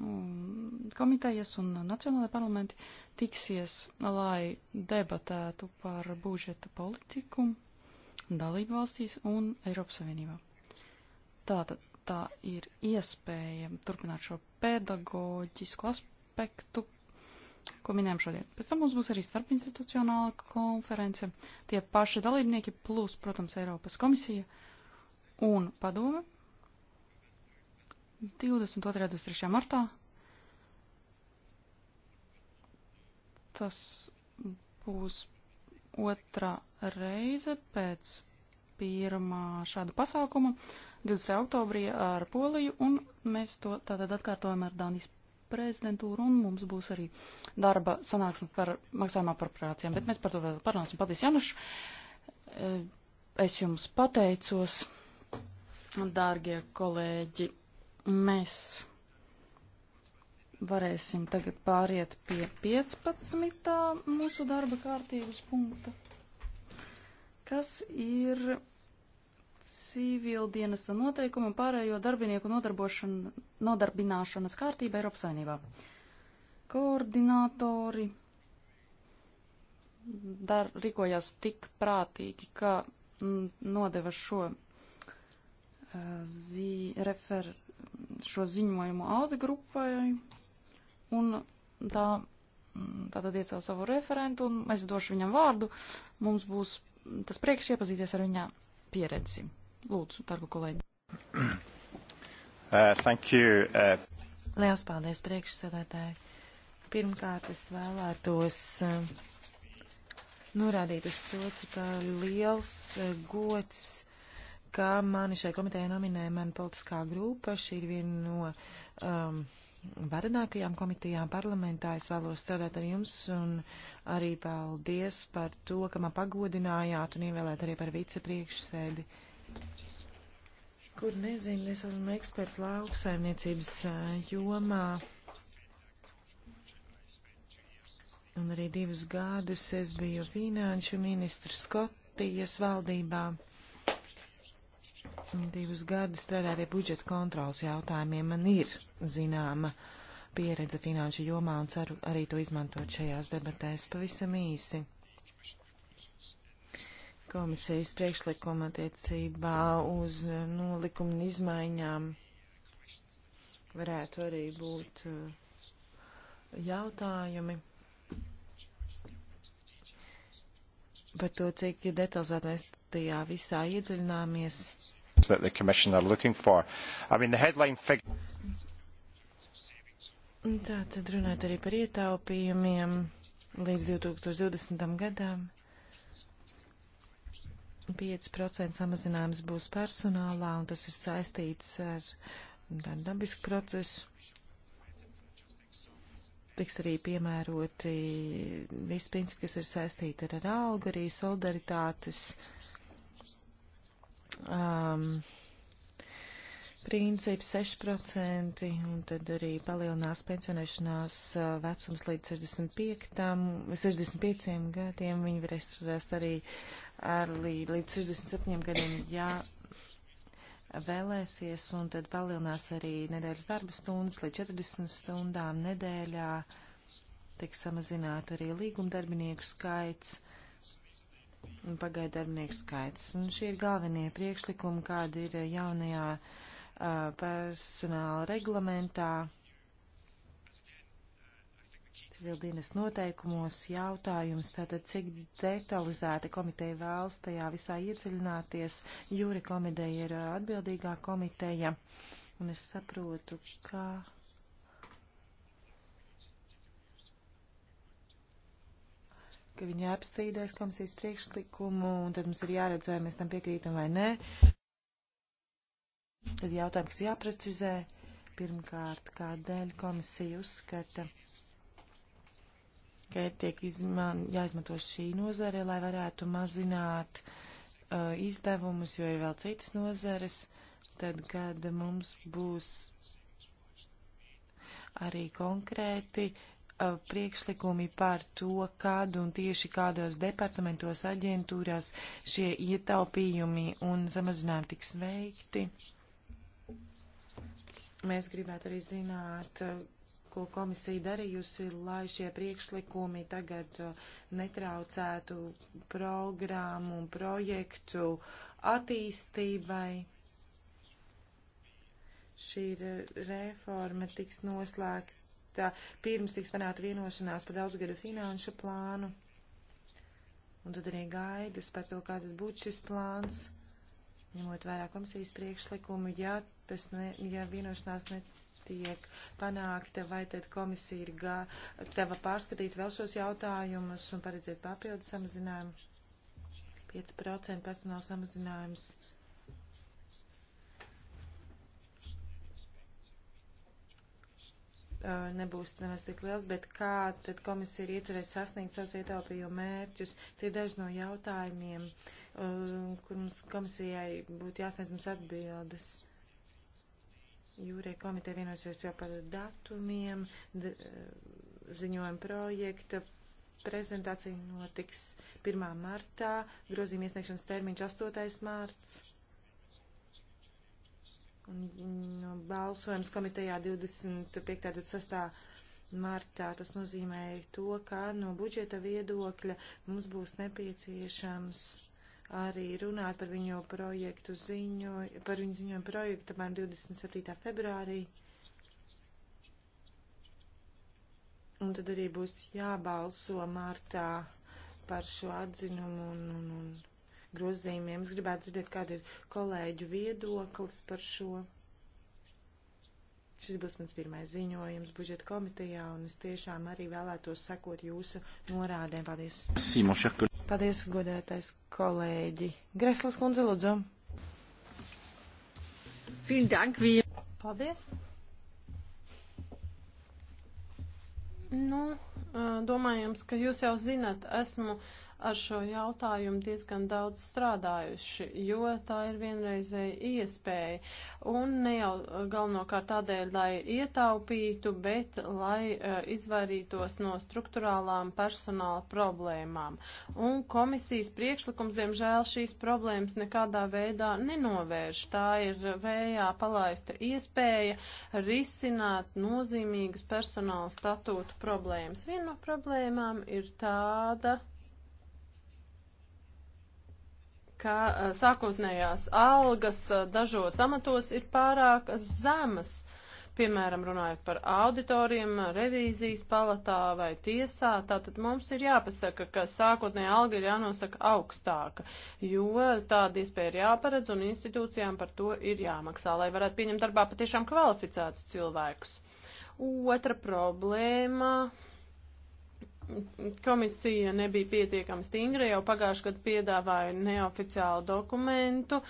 um, komitejas un nacionālajā parlamenti tiksies, lai debatētu par budžeta politiku dalību valstīs un Eiropas Savienībā. Tātad tā ir iespēja turpināt šo pedagoģisko aspektu, ko minējām šodien. Pēc tam mums būs arī starpinstitucionāla konference, tie paši dalībnieki, plus, protams, Eiropas komisija un padome 22. un 23. martā. Tas būs otrā reize pēc pirmā šāda pasākuma 20. oktobrī ar Poliju, un mēs to tātad atkārtojam ar Dānijas prezidentūru, un mums būs arī darba sanāksme par maksājumā par prācijām, bet mēs par to vēl parunāsim. Paldies, Januš! E, es jums pateicos, dārgie kolēģi, mēs varēsim tagad pāriet pie 15. mūsu darba kārtības punkta, kas ir civildienesta noteikumu un pārējo darbinieku nodarbināšanas kārtība Eiropas Savienībā. Koordinātori dar, rikojās tik prātīgi, ka mm, nodeva šo, eh, zi, refer, šo ziņojumu Alde grupai un tā, mm, tā tad iecēl savu referentu, un es došu viņam vārdu. Mums būs tas prieks iepazīties ar viņa pieredzi. Lūdzu, darbu kolēģi. Uh, thank you. Uh... Liels paldies priekšsēdētāji. Pirmkārt, es vēlētos uh, norādīt uz to, cik uh, liels uh, gods ka mani šai komitejai nominēja mana politiskā grupa. Šī ir viena no um, varenākajām komitejām parlamentā. Es vēlos strādāt ar jums un arī paldies par to, ka man pagodinājāt un ievēlēt arī par vicepriekšsēdi. Kur nezinu, es esmu eksperts lauksaimniecības eh, jomā. Un arī divus gadus es biju finanšu ministru Skotijas valdībā. Divus gadus strādāju pie budžeta kontrolas jautājumiem. Man ir zināma pieredze finanšu jomā un ceru arī to izmantot šajās debatēs pavisam īsi. Komisijas priekšlikuma attiecībā uz nolikumu izmaiņām varētu arī būt uh, jautājumi. par to, cik detalizēti mēs tajā visā iedziļināmies that the Commission are looking for. I mean, the headline figure. Tā tad runāt arī par ietaupījumiem līdz 2020. gadām. 5% samazinājums būs personālā, un tas ir saistīts ar tādu dabisku procesu. Tiks arī piemēroti visi principi, kas ir saistīti ar, ar algu, arī solidaritātes uh, um, princips 6%, un tad arī palielinās pensionēšanās uh, vecums līdz 65, 65 gadiem. Viņi varēs strādāt arī ar līdz, līdz 67 gadiem, ja vēlēsies, un tad palielinās arī nedēļas darba stundas līdz 40 stundām nedēļā. Tiek samazināta arī līgumdarbinieku skaits. Uh, un pagaidu darbinieku skaits. Un šie ir galvenie priekšlikumi, kāda ir jaunajā uh, personāla reglamentā, civildienas noteikumos jautājums, tātad cik detalizēti komiteja vēlas tajā visā iedziļināties. Jūri komiteja ir atbildīgā komiteja, un es saprotu, ka. Kā ka viņi apstrīdēs komisijas priekšlikumu, un tad mums ir jāredz, vai mēs tam piekrītam vai nē. Tad jautājums, kas jāprecizē, pirmkārt, kādēļ komisija uzskata, ka tiek izman, jāizmanto šī nozare, lai varētu mazināt uh, izdevumus, jo ir vēl citas nozares, tad, kad mums būs arī konkrēti uh, priekšlikumi par to, kādu un tieši kādos departamentos aģentūrās šie ietaupījumi un samazinājumi tiks veikti. Mēs gribētu arī zināt, ko komisija darījusi, lai šie priekšlikumi tagad netraucētu programmu un projektu attīstībai šī reforma tiks noslēgta pirms tiks panāta vienošanās par daudzgadu finanšu plānu. Un tad arī gaidas par to, kā tad būtu šis plāns, ņemot vērā komisijas priekšlikumu, ja, tas ne, ja vienošanās netiek panākta, vai tad komisija ir gatava pārskatīt vēl šos jautājumus un paredzēt papildu samazinājumu. 5% personāla samazinājums. Uh, nebūs nemaz tik liels, bet kā tad komisija ir iecerējusi sasniegt savus ietaupījumu mērķus? Tie daži no jautājumiem, uh, kur mums komisijai būtu jāsniedz mums atbildes. Jūrija komiteja vienosies par datumiem, uh, ziņojuma projekta prezentācija notiks 1. martā, grozījuma iesniegšanas termiņš 8. mārts. Un balsojums komitejā 25.26. martā tas nozīmē to, ka no budžeta viedokļa mums būs nepieciešams arī runāt par viņu projektu ziņo, par viņu ziņojumu projektu apmēram 27. februārī. Un tad arī būs jābalso martā par šo atzinumu un, un, un grozījumiem. Es gribētu dzirdēt, kāda ir kolēģu viedoklis par šo. Šis būs mans pirmais ziņojums budžeta komitejā, un es tiešām arī vēlētos sekot jūsu norādēm. Paldies! Paldies, godētais kolēģi! Greslas kundze, lūdzu! Paldies! Nu, domājams, ka jūs jau zinat, esmu. Uh, ar šo jautājumu diezgan daudz strādājuši, jo tā ir vienreizēja iespēja. Un ne jau galvenokārt tādēļ, lai ietaupītu, bet lai uh, izvairītos no struktūrālām personāla problēmām. Un komisijas priekšlikums, diemžēl, šīs problēmas nekādā veidā nenovērš. Tā ir vējā palaista iespēja risināt nozīmīgas personāla statūtu problēmas. Viena no problēmām ir tāda, ka eh, sākotnējās algas eh, dažos amatos ir pārāk zemas. Piemēram, runājot par auditoriem, revīzijas palatā vai tiesā, tātad mums ir jāpasaka, ka sākotnējā alga ir jānosaka augstāka, jo tāda iespēja ir jāparedz un institūcijām par to ir jāmaksā, lai varētu pieņemt darbā patiešām kvalificētus cilvēkus. Otra problēma komisija nebija pietiekami stingra, jau pagājuši gadu piedāvāja neoficiālu dokumentu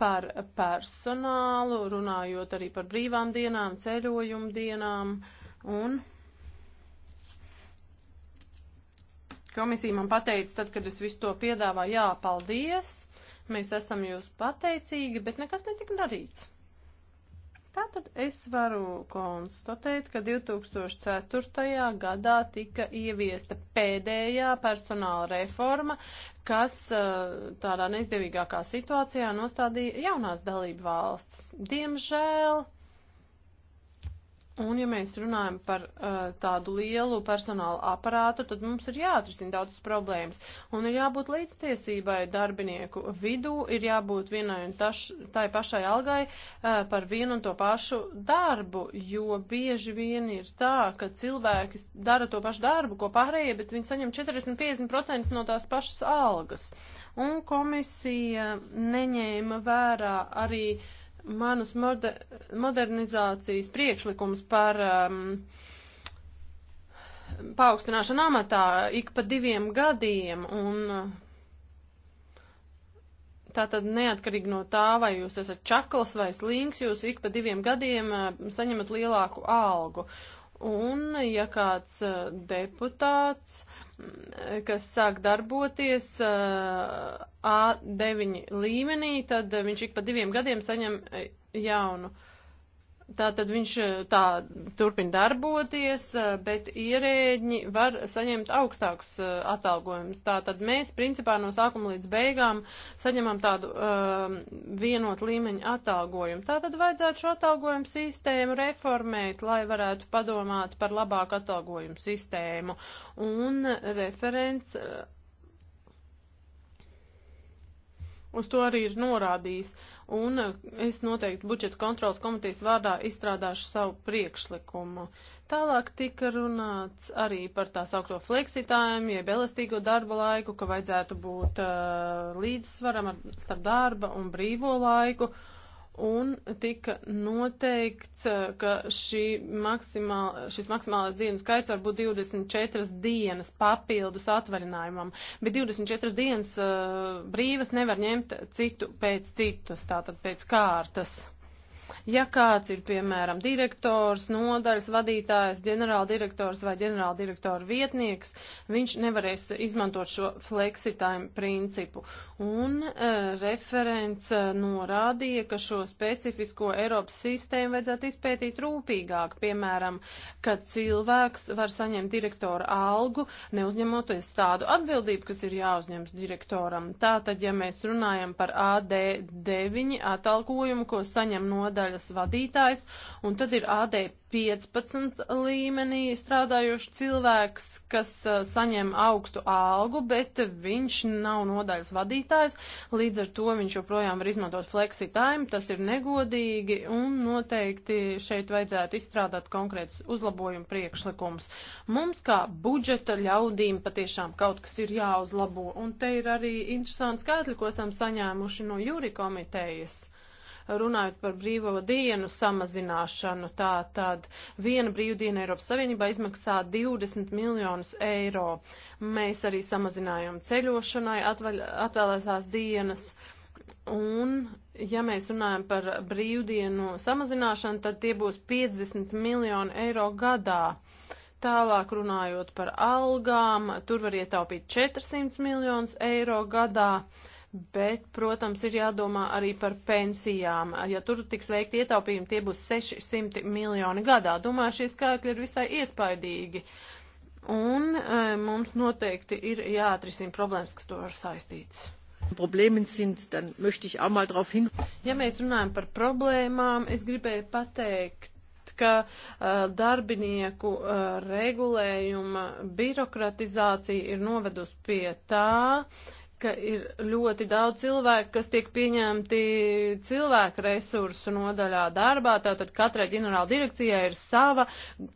par personālu, runājot arī par brīvām dienām, ceļojumu dienām un. Komisija man pateica, tad, kad es visu to piedāvāju, jā, paldies, mēs esam jūs pateicīgi, bet nekas netika darīts. Tātad es varu konstatēt, ka 2004. gadā tika ieviesta pēdējā personāla reforma, kas eh, tādā neizdevīgākā situācijā nostādīja jaunās dalību valsts. Diemžēl Un, ja mēs runājam par uh, tādu lielu personālu aparātu, tad mums ir jāatrisina daudzas problēmas. Un ir jābūt līdztiesībai darbinieku vidū, ir jābūt vienai un taš, tai pašai algai uh, par vienu un to pašu darbu, jo bieži vien ir tā, ka cilvēki dara to pašu darbu, ko pārējie, bet viņi saņem 40-50% no tās pašas algas. Un komisija neņēma vērā arī. Uh, manus moder modernizācijas priekšlikumus par um, paaugstināšanu amatā ik pa diviem gadiem un uh, tātad neatkarīgi no tā, vai jūs esat čakls vai slings, jūs ik pa diviem gadiem uh, saņemat lielāku algu. Un ja kāds uh, deputāts uh, kas sāk darboties eh, A9 līmenī, tad viņš ik pa diviem gadiem saņem eh, jaunu Tā tad viņš eh, tā turpina darboties, eh, bet ierēģi var saņemt augstākus eh, atalgojumus. Tā tad mēs principā no sākuma līdz beigām saņemam tādu um, vienotu līmeņu atalgojumu. Tā tad vajadzētu šo atalgojumu sistēmu reformēt, lai varētu padomāt par labāku atalgojumu sistēmu. Un referents Uz to arī ir norādījis, un eh, es noteikti budžeta kontrolas komitejas vārdā izstrādāšu savu priekšlikumu. Tālāk tika runāts arī par tā saukto fleksitājumu, jeb elastīgo darba laiku, ka vajadzētu būt uh, līdzsvaram ar, starp darba un brīvo laiku. Uh, un tika noteikts, eh, ka šī maksimāl, šis maksimālais dienu skaits var būt 24 dienas papildus atvaļinājumam, bet 24 dienas uh, brīvas nevar ņemt citu pēc citas, tātad pēc kārtas. Ja kāds ir, piemēram, direktors, nodaļas vadītājs, ģenerāldirektors vai ģenerāldirektora vietnieks, viņš nevarēs izmantot šo flexitime principu. Un uh, referents uh, norādīja, ka šo specifisko Eiropas sistēmu vajadzētu izpētīt rūpīgāk, piemēram, ka cilvēks var saņemt direktora algu, neuzņemoties tādu atbildību, kas ir jāuzņems direktoram. Tātad, ja mēs runājam par AD9 atalgojumu, ko saņem nodaļas, sadaļas vadītājs, un tad ir AD 15 līmenī strādājošs cilvēks, kas eh, saņem augstu algu, bet viņš nav nodaļas vadītājs, līdz ar to viņš joprojām var izmantot flexi time, tas ir negodīgi un noteikti šeit vajadzētu izstrādāt konkrētus uzlabojumu priekšlikumus. Mums kā budžeta ļaudīm patiešām kaut kas ir jāuzlabo, un te ir arī interesanti skaitļi, ko esam saņēmuši no jūri komitejas runājot par brīvo dienu samazināšanu. Tā tad viena brīvdiena Eiropas Savienībā izmaksā 20 miljonus eiro. Mēs arī samazinājām ceļošanai atvaļ, atvēlētās dienas. Un, ja mēs runājam par brīvdienu samazināšanu, tad tie būs 50 miljoni eiro gadā. Tālāk runājot par algām, tur var ietaupīt 400 miljonus eiro gadā. Uh, Bet, protams, ir jādomā arī par pensijām. Ja tur tiks veikti ietaupījumi, tie būs 600 miljoni gadā. Domāju, šie skaitļi ir visai iespaidīgi. Un e, mums noteikti ir jāatrisina problēmas, kas to ir saistīts. Problēmas sind, dann möchte ich auch mal drauf hin. Ja mēs runājam par problēmām, es gribēju pateikt ka uh, darbinieku uh, regulējuma birokratizācija ir novedusi pie tā, ka ir ļoti daudz cilvēku, kas tiek pieņemti cilvēku resursu nodaļā darbā, tātad katrai ģenerāla direkcijai ir sava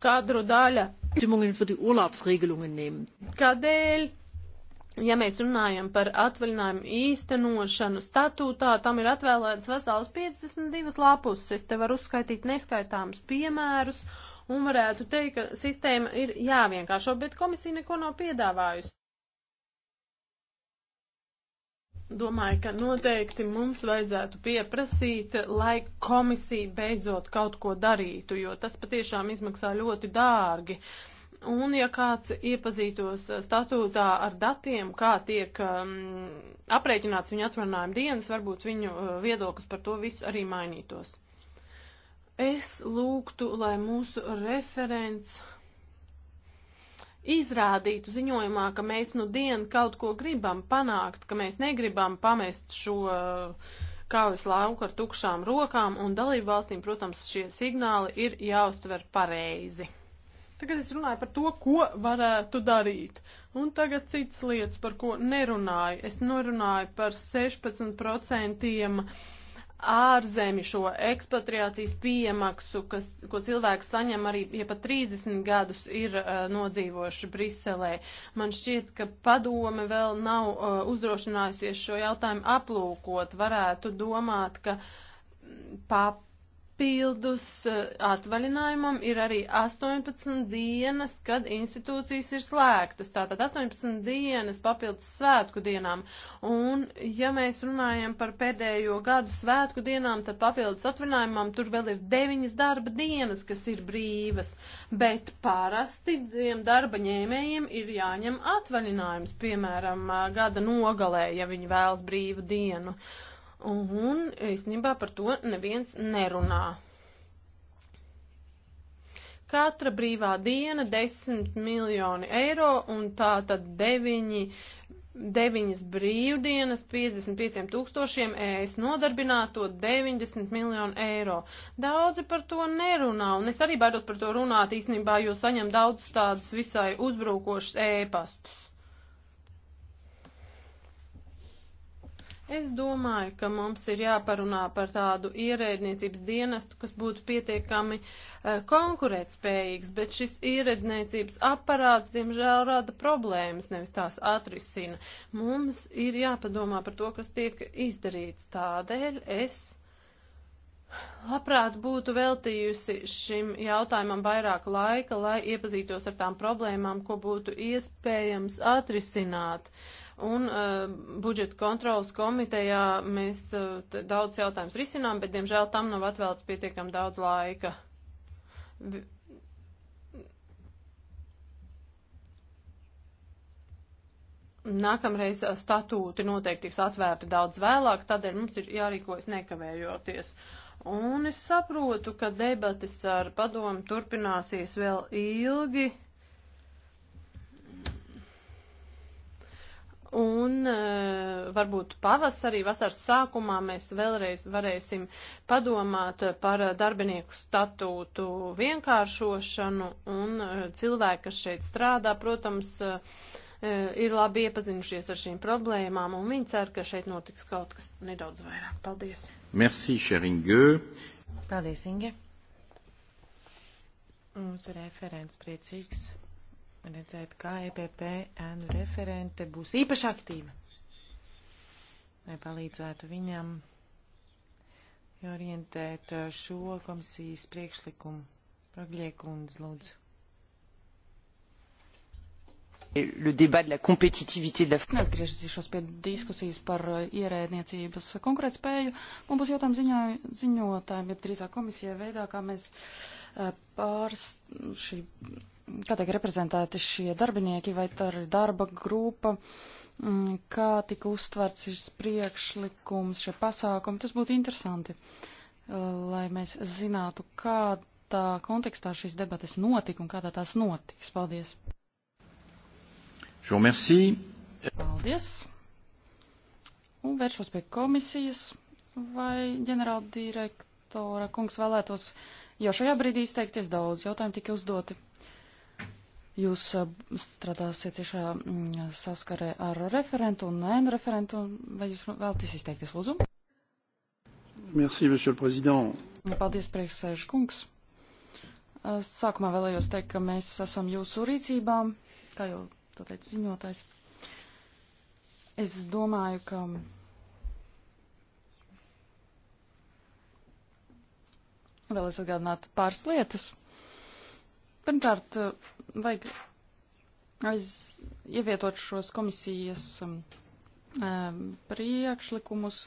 kadru daļa. Kādēļ? Ja mēs runājam par atvaļinājumu īstenošanu statūtā, tam ir atvēlētas vesels 52 lapus. Es te varu uzskaitīt neskaitāmus piemērus un varētu teikt, ka sistēma ir jāvienkāršo, bet komisija neko nav piedāvājusi. Domāju, ka noteikti mums vajadzētu pieprasīt, lai komisija beidzot kaut ko darītu, jo tas patiešām izmaksā ļoti dārgi. Un ja kāds iepazītos statūtā ar datiem, kā tiek um, aprēķināts viņa atvaļinājuma dienas, varbūt viņu uh, viedoklis par to visu arī mainītos. Es lūgtu, lai mūsu referents izrādītu ziņojumā, ka mēs nu dienu kaut ko gribam panākt, ka mēs negribam pamest šo uh, kaujas lauku ar tukšām rokām, un dalību valstīm, protams, šie signāli ir jāuztver pareizi. Tagad es runāju par to, ko varētu darīt. Un tagad citas lietas, par ko nerunāju. Es nerunāju par 16% ārzemju šo ekspatriācijas piemaksu, kas, ko cilvēks saņem arī, ja pat 30 gadus ir uh, nodzīvojuši Briselē. Man šķiet, ka padome vēl nav uh, uzdrošinājusies šo jautājumu aplūkot. Varētu domāt, ka pap papildus eh, atvaļinājumam ir arī 18 dienas, kad institūcijas ir slēgtas. Tātad 18 dienas papildus svētku dienām. Un, ja mēs runājam par pēdējo gadu svētku dienām, tad papildus atvaļinājumam tur vēl ir 9 darba dienas, kas ir brīvas. Bet parasti tiem darba ņēmējiem ir jāņem atvaļinājums, piemēram, eh, gada nogalē, ja viņi vēlas brīvu dienu. Uh, un īstenībā par to neviens nerunā. Katra brīvā diena 10 miljoni eiro un tā tad 9, 9 brīvdienas 55 tūkstošiem ES nodarbināto 90 miljonu eiro. Daudzi par to nerunā un es arī baidos par to runāt īstenībā, jo saņem daudz tādus visai uzbrukošus ēpastus. Es domāju, ka mums ir jāparunā par tādu ierēdniecības dienestu, kas būtu pietiekami uh, konkurētspējīgs, bet šis ierēdniecības aparāts, diemžēl, rada problēmas, nevis tās atrisina. Mums ir jāpadomā par to, kas tiek izdarīts. Tādēļ es labprāt būtu veltījusi šim jautājumam vairāk laika, lai iepazītos ar tām problēmām, ko būtu iespējams atrisināt. Uh, Un uh, budžeta kontrolas komitejā mēs uh, daudz jautājums risinām, bet, diemžēl, tam nav atvēlts pietiekam daudz laika. Vi Nākamreiz eh, statūti noteikti tiks atvērti daudz vēlāk, tādēļ mums ir jārīkojas nekavējoties. Un es saprotu, ka debatis ar padomu turpināsies vēl ilgi. Un uh, varbūt pavasarī, vasaras sākumā mēs vēlreiz varēsim padomāt par darbinieku statūtu vienkāršošanu un uh, cilvēki, kas šeit strādā, protams, uh, ir labi iepazinušies ar šīm problēmām un viņi cer, ka šeit notiks kaut kas nedaudz vairāk. Paldies! Merci, Šeringe! Paldies, Inge! Mums referents priecīgs redzēt, kā EPP ēnu referente būs īpaši aktīva, lai palīdzētu viņam orientēt uh, šo komisijas priekšlikumu. Pragliekundz, lūdzu. Le débat de la compétitivité de la France. Atgriezīšos pie diskusijas par uh, ierēdniecības konkurētspēju. Mums būs jautājums ziņo, ziņotājiem, ja drīzāk komisijai veidā, kā mēs uh, pārs šī kā tiek reprezentēti šie darbinieki, vai tā ir darba grupa, mm, kā tika uztverts šis priekšlikums, šie pasākumi. Tas būtu interesanti, uh, lai mēs zinātu, kādā kontekstā šīs debates notika un kādā tās notiks. Paldies! Paldies! Un vēršos pie komisijas vai ģenerāldirektora kungs vēlētos jau šajā brīdī izteikties daudz jautājumu tika uzdoti jūs strādāsiet tiešā mm, saskarē ar referentu un ēnu referentu, vai jūs vēlaties izteikties, lūdzu? Merci, monsieur le président. Paldies, priekšsēžu kungs. Sākumā vēlējos teikt, ka mēs esam jūsu rīcībā, kā jau to teica ziņotājs. Es domāju, ka. Vēlos atgādināt pāris lietas. Pirmkārt, vajag aiz, ievietot šos komisijas um, um priekšlikumus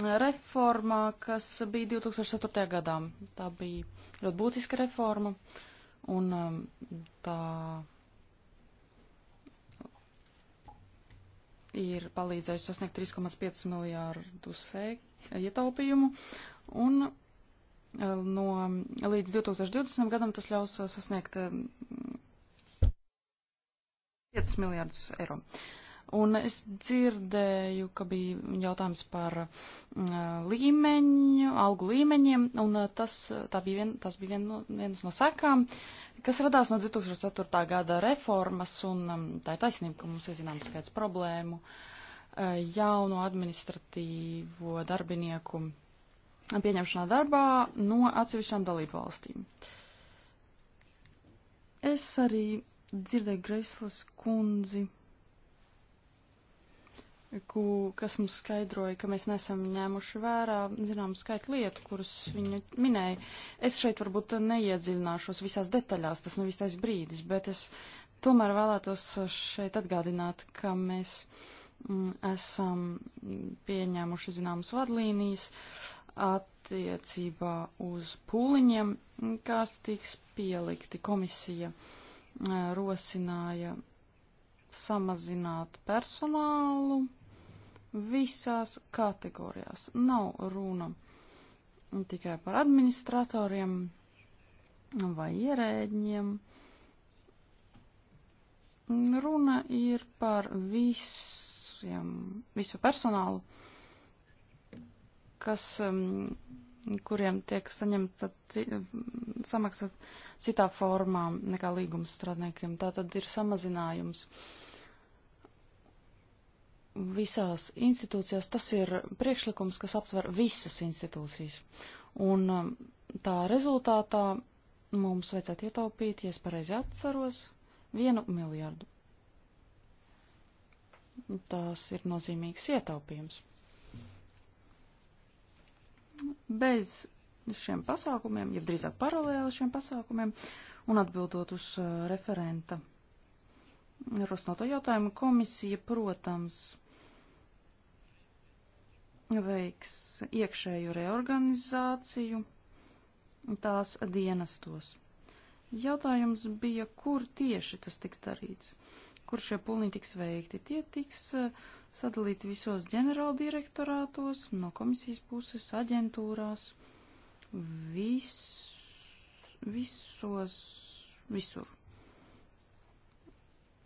reformā, kas bija 2004. gadā. Tā bija ļoti būtiska reforma, un um, tā ir palīdzējusi sasniegt 3,5 miljārdus ietaupījumu, un um, no, līdz 2020. gadam tas ļaus uh, sasniegt um, 5 miljārdus eiro. Un es dzirdēju, ka bija jautājums par uh, līmeņu, algu līmeņiem, un uh, tas, bija vien, tas bija vien no, viens no sekām, kas radās no 2004. gada reformas, un um, tā ir taisnība, ka mums ir zināms skaits problēmu uh, jauno administratīvo darbinieku pieņemšanā darbā no atsevišķām dalību valstīm. Es arī dzirdēju Greislas kundzi, ku, kas mums skaidroja, ka mēs nesam ņēmuši vērā, zinām, skaitu lietu, kuras viņa minēja. Es šeit varbūt neiedziļināšos visās detaļās, tas nav īstais brīdis, bet es tomēr vēlētos šeit atgādināt, ka mēs mm, esam pieņēmuši zināmas vadlīnijas attiecībā uz pūliņiem, kas tiks pielikti komisija. Uh, rosināja samazināt personālu visās kategorijās. Nav runa tikai par administratoriem vai ierēģiem. Runa ir par visiem, visu personālu, kas, kuriem tiek saņemta samaksāt citā formā nekā līgums strādniekiem. Tā tad ir samazinājums. Visās institūcijās tas ir priekšlikums, kas aptver visas institūcijas. Un um, tā rezultātā mums vajadzētu ietaupīt, ja es pareizi atceros, vienu miljardu. Tas ir nozīmīgs ietaupījums. Bez šiem pasākumiem, jeb drīzāk paralēli šiem pasākumiem, un atbildot uz uh, referenta rosnoto jautājumu, komisija, protams, veiks iekšēju reorganizāciju tās dienestos. Jautājums bija, kur tieši tas tiks darīts, kur šie pulniņi tiks veikti. Tie tiks uh, sadalīti visos ģenerāldirektorātos, no komisijas puses aģentūrās vis, visos, visur.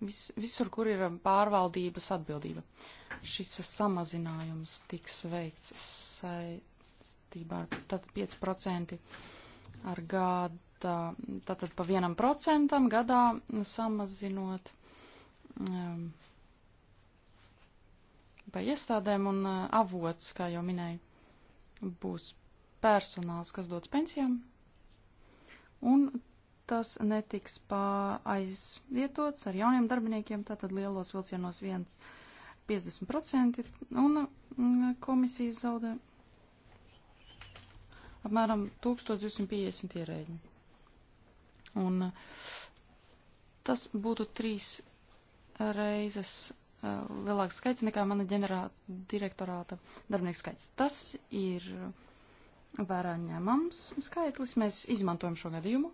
Vis, visur, kur ir um, pārvaldības atbildība. Šis samazinājums tiks veikts saistībā ar 5% ar gada, tātad pa vienam procentam gadā samazinot um, pa iestādēm un uh, avots, kā jau minēju, būs personāls, kas dots pensijām, un tas netiks aizvietots ar jauniem darbiniekiem, tātad lielos vilcienos 1,50%, un mm, komisijas zaudē apmēram 1250 ierēģi. Un tas būtu trīs reizes e, lielāks skaits nekā mana ģenerāla direktorāta darbinieku skaits. Tas ir vērā ņemams skaitlis. Mēs izmantojam šo gadījumu,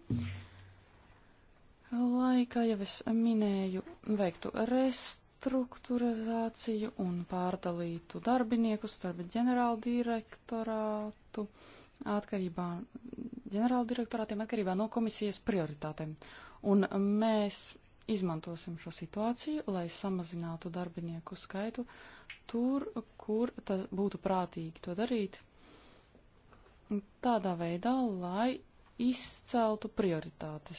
lai, kā jau es minēju, veiktu restruktūrizāciju un pārdalītu darbiniekus starp ģenerāla direktorātu atkarībā, ģenerāla direktorātiem atkarībā no komisijas prioritātēm. Un mēs izmantosim šo situāciju, lai samazinātu darbinieku skaitu tur, kur tas būtu prātīgi to darīt, tādā veidā, lai izceltu prioritātes.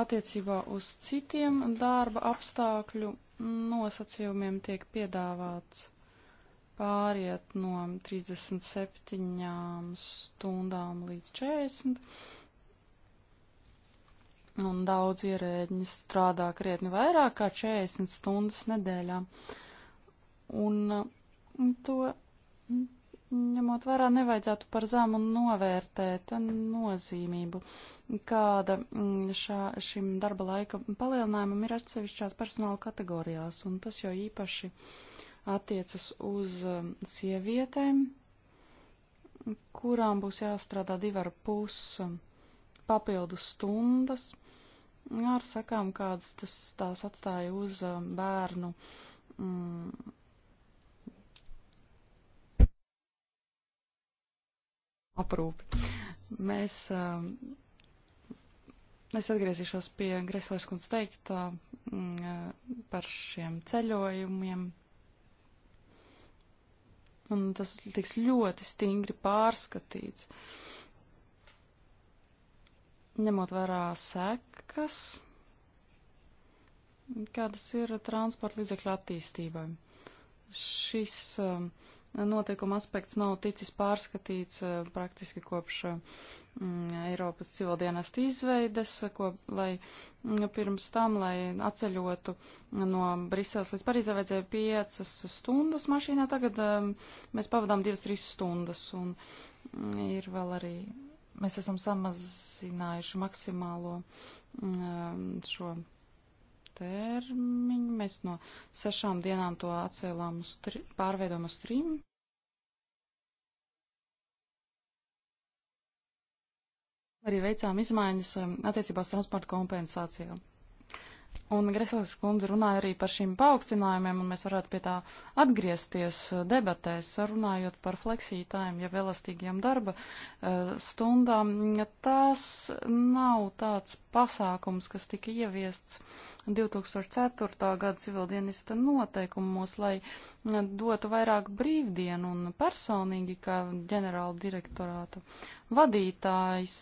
Attiecībā uz citiem darba apstākļu nosacījumiem tiek piedāvāts pāriet no 37 stundām līdz 40. Un daudz ierēģiņi strādā krietni vairāk kā 40 stundas nedēļā. Un uh, to ņemot vērā, nevajadzētu par zemu novērtēt nozīmību, kāda mm, šā, šim darba laika palielinājumam ir atsevišķās personāla kategorijās, un tas jau īpaši attiecas uz um, sievietēm, kurām būs jāstrādā divi ar pus um, papildus stundas, ar sakām, kādas tas tās atstāja uz um, bērnu mm, aprūpi. Mēs, um, es atgriezīšos pie Greslers kundz teiktā mm, uh, par šiem ceļojumiem. Un tas tiks ļoti stingri pārskatīts. Ņemot vērā sekas, kādas ir transporta līdzekļu attīstībai. Šis uh, noteikuma aspekts nav ticis pārskatīts eh, praktiski kopš mm, Eiropas civildienestu izveides, eh, ko, lai mm, pirms tam, lai atceļotu mm, no Briseles līdz Parīzē, vajadzēja piecas stundas mašīnā, tagad eh, mēs pavadām divas, trīs stundas, un ir vēl arī, mēs esam samazinājuši maksimālo šo termiņu. Mēs no sešām dienām to atcēlām uz, tri, pārveidām uz trim. Arī veicām izmaiņas um, attiecībā uz transporta kompensācijām. Un Greslis kundze runāja arī par šīm paaugstinājumiem, un mēs varētu pie tā atgriezties uh, debatēs, runājot par fleksītājiem, uh, ja elastīgiem darba stundām. Tas nav tāds pasākums, kas tika ieviests 2004. gada civildienista noteikumos, lai uh, dotu vairāk brīvdienu un personīgi, kā ģenerāla direktorāta vadītājs